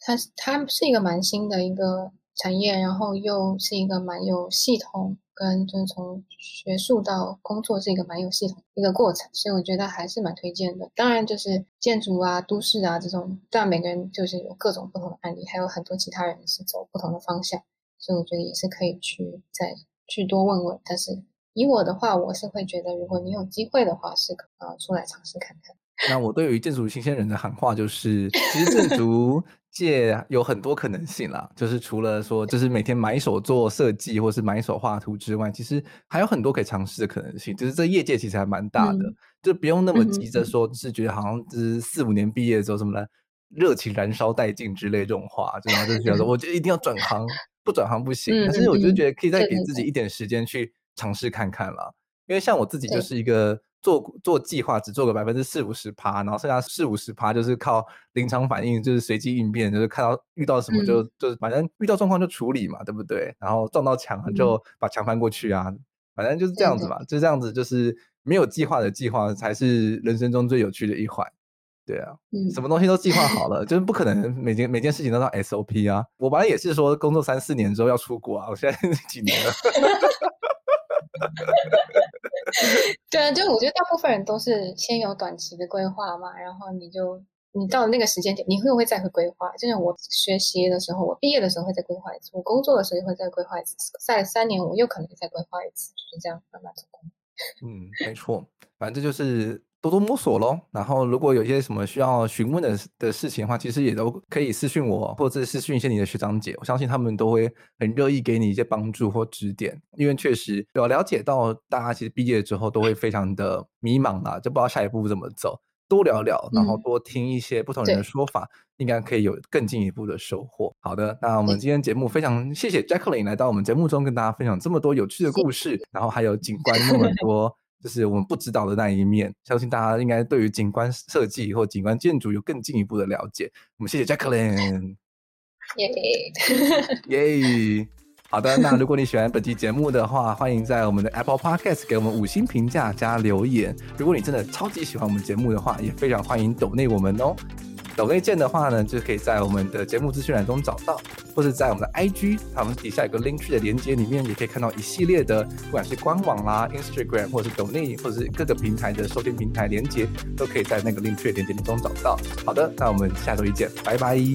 它它是一個蠻新的一個產業，然後又是一個蠻有系統，跟就是從學術到工作是一個蠻有系統的一個過程，所以我覺得還是蠻推薦的。當然就是建築啊、都市啊這種，當然每個人就是有各種不同的案例，還有很多其他人是走不同的方向，所以我覺得也是可以去在。去多問問，但是以我的話，我是會覺得，如果你有機會的話，是可以出來嘗試看看。那我對於建築新鮮人的喊話就是，其實建築界有很多可能性啦， [LAUGHS] 就是除了說，就是每天買手做設計，或是買手畫圖之外，其實還有很多可以嘗試的可能性。就是這業界其實還蠻大的，嗯、就不用那麼急着說，就是覺得好像就是四五年畢業之後什麼的，熱情燃燒殆盡之類的這種話，就，然後就是覺得，我就得一定要轉行。 [LAUGHS] 不轉行不行？可、嗯嗯嗯、是我就覺得可以再給自己一點時間去嘗試看看了。因為像我自己就是一個做做計劃，只做個百分之四五十趴，然後剩下四五十趴就是靠臨場反應，就是隨機應變，就是看到遇到什麼就、嗯、就，就反正遇到狀況就處理嘛，對不對？然後撞到牆就把牆翻過去啊、嗯，反正就是這樣子吧，就這樣子就是沒有計劃的計劃才是人生中最有趣的一環。對啊、嗯，什麼東西都計劃好了，就是不可能每件 [LAUGHS] 每件事情都到 SOP 啊。我本來也是說工作三四年之後要出國啊，我現在是幾年了 [LAUGHS] 。 [LAUGHS] 對啊，就我覺得大部分人都是先有短期的規劃嘛，然後你就你到那個時間點，你會不會再會規劃。就像、是、我學習的時候，我畢業的時候會再規劃一次；我工作的時候會再規劃一次；再三年我又可能再規劃一次，就是這樣慢慢走。嗯，沒錯，反正就是。多多摸索咯。然後，如果有一些什麼需要詢問的的事情的話，其實也都可以私信我，或者私信一些你的學長姐。我相信他們都會很樂意給你一些幫助或指點。因為確實，有了解到大家其實畢業之後都會非常的迷茫啦、啊，就不知道下一步怎麼走。多聊聊，嗯、然後多聽一些不同人的說法，應該可以有更進一步的收穫。好的，那我們今天節目非常謝謝 Jacklin 來到我們節目中跟大家分享這麼多有趣的故事，然後還有景觀那麼多。就是我們不知道的那一面，相信大家應該對於景觀設計或景觀建築有更進一步的了解。我們謝謝 Jacklin，耶，耶、yeah. [LAUGHS] ，yeah. 好的。那如果你喜歡本期節目的話， [LAUGHS] 歡迎在我們的 Apple Podcast 給我們五星評價加留言。如果你真的超級喜歡我們節目的話，也非常歡迎抖內我們哦。抖內鍵的話呢，就可以在我們的節目資訊欄中找到，或者在我們的 IG，他們底下有個 Linktree 的連接裡面，也可以看到一系列的，不管是官網啦、Instagram 或者是抖內，或者是各個平台的收聽平台連接，都可以在那個 Linktree 的連接中找到。好的，那我們下周一見，拜拜。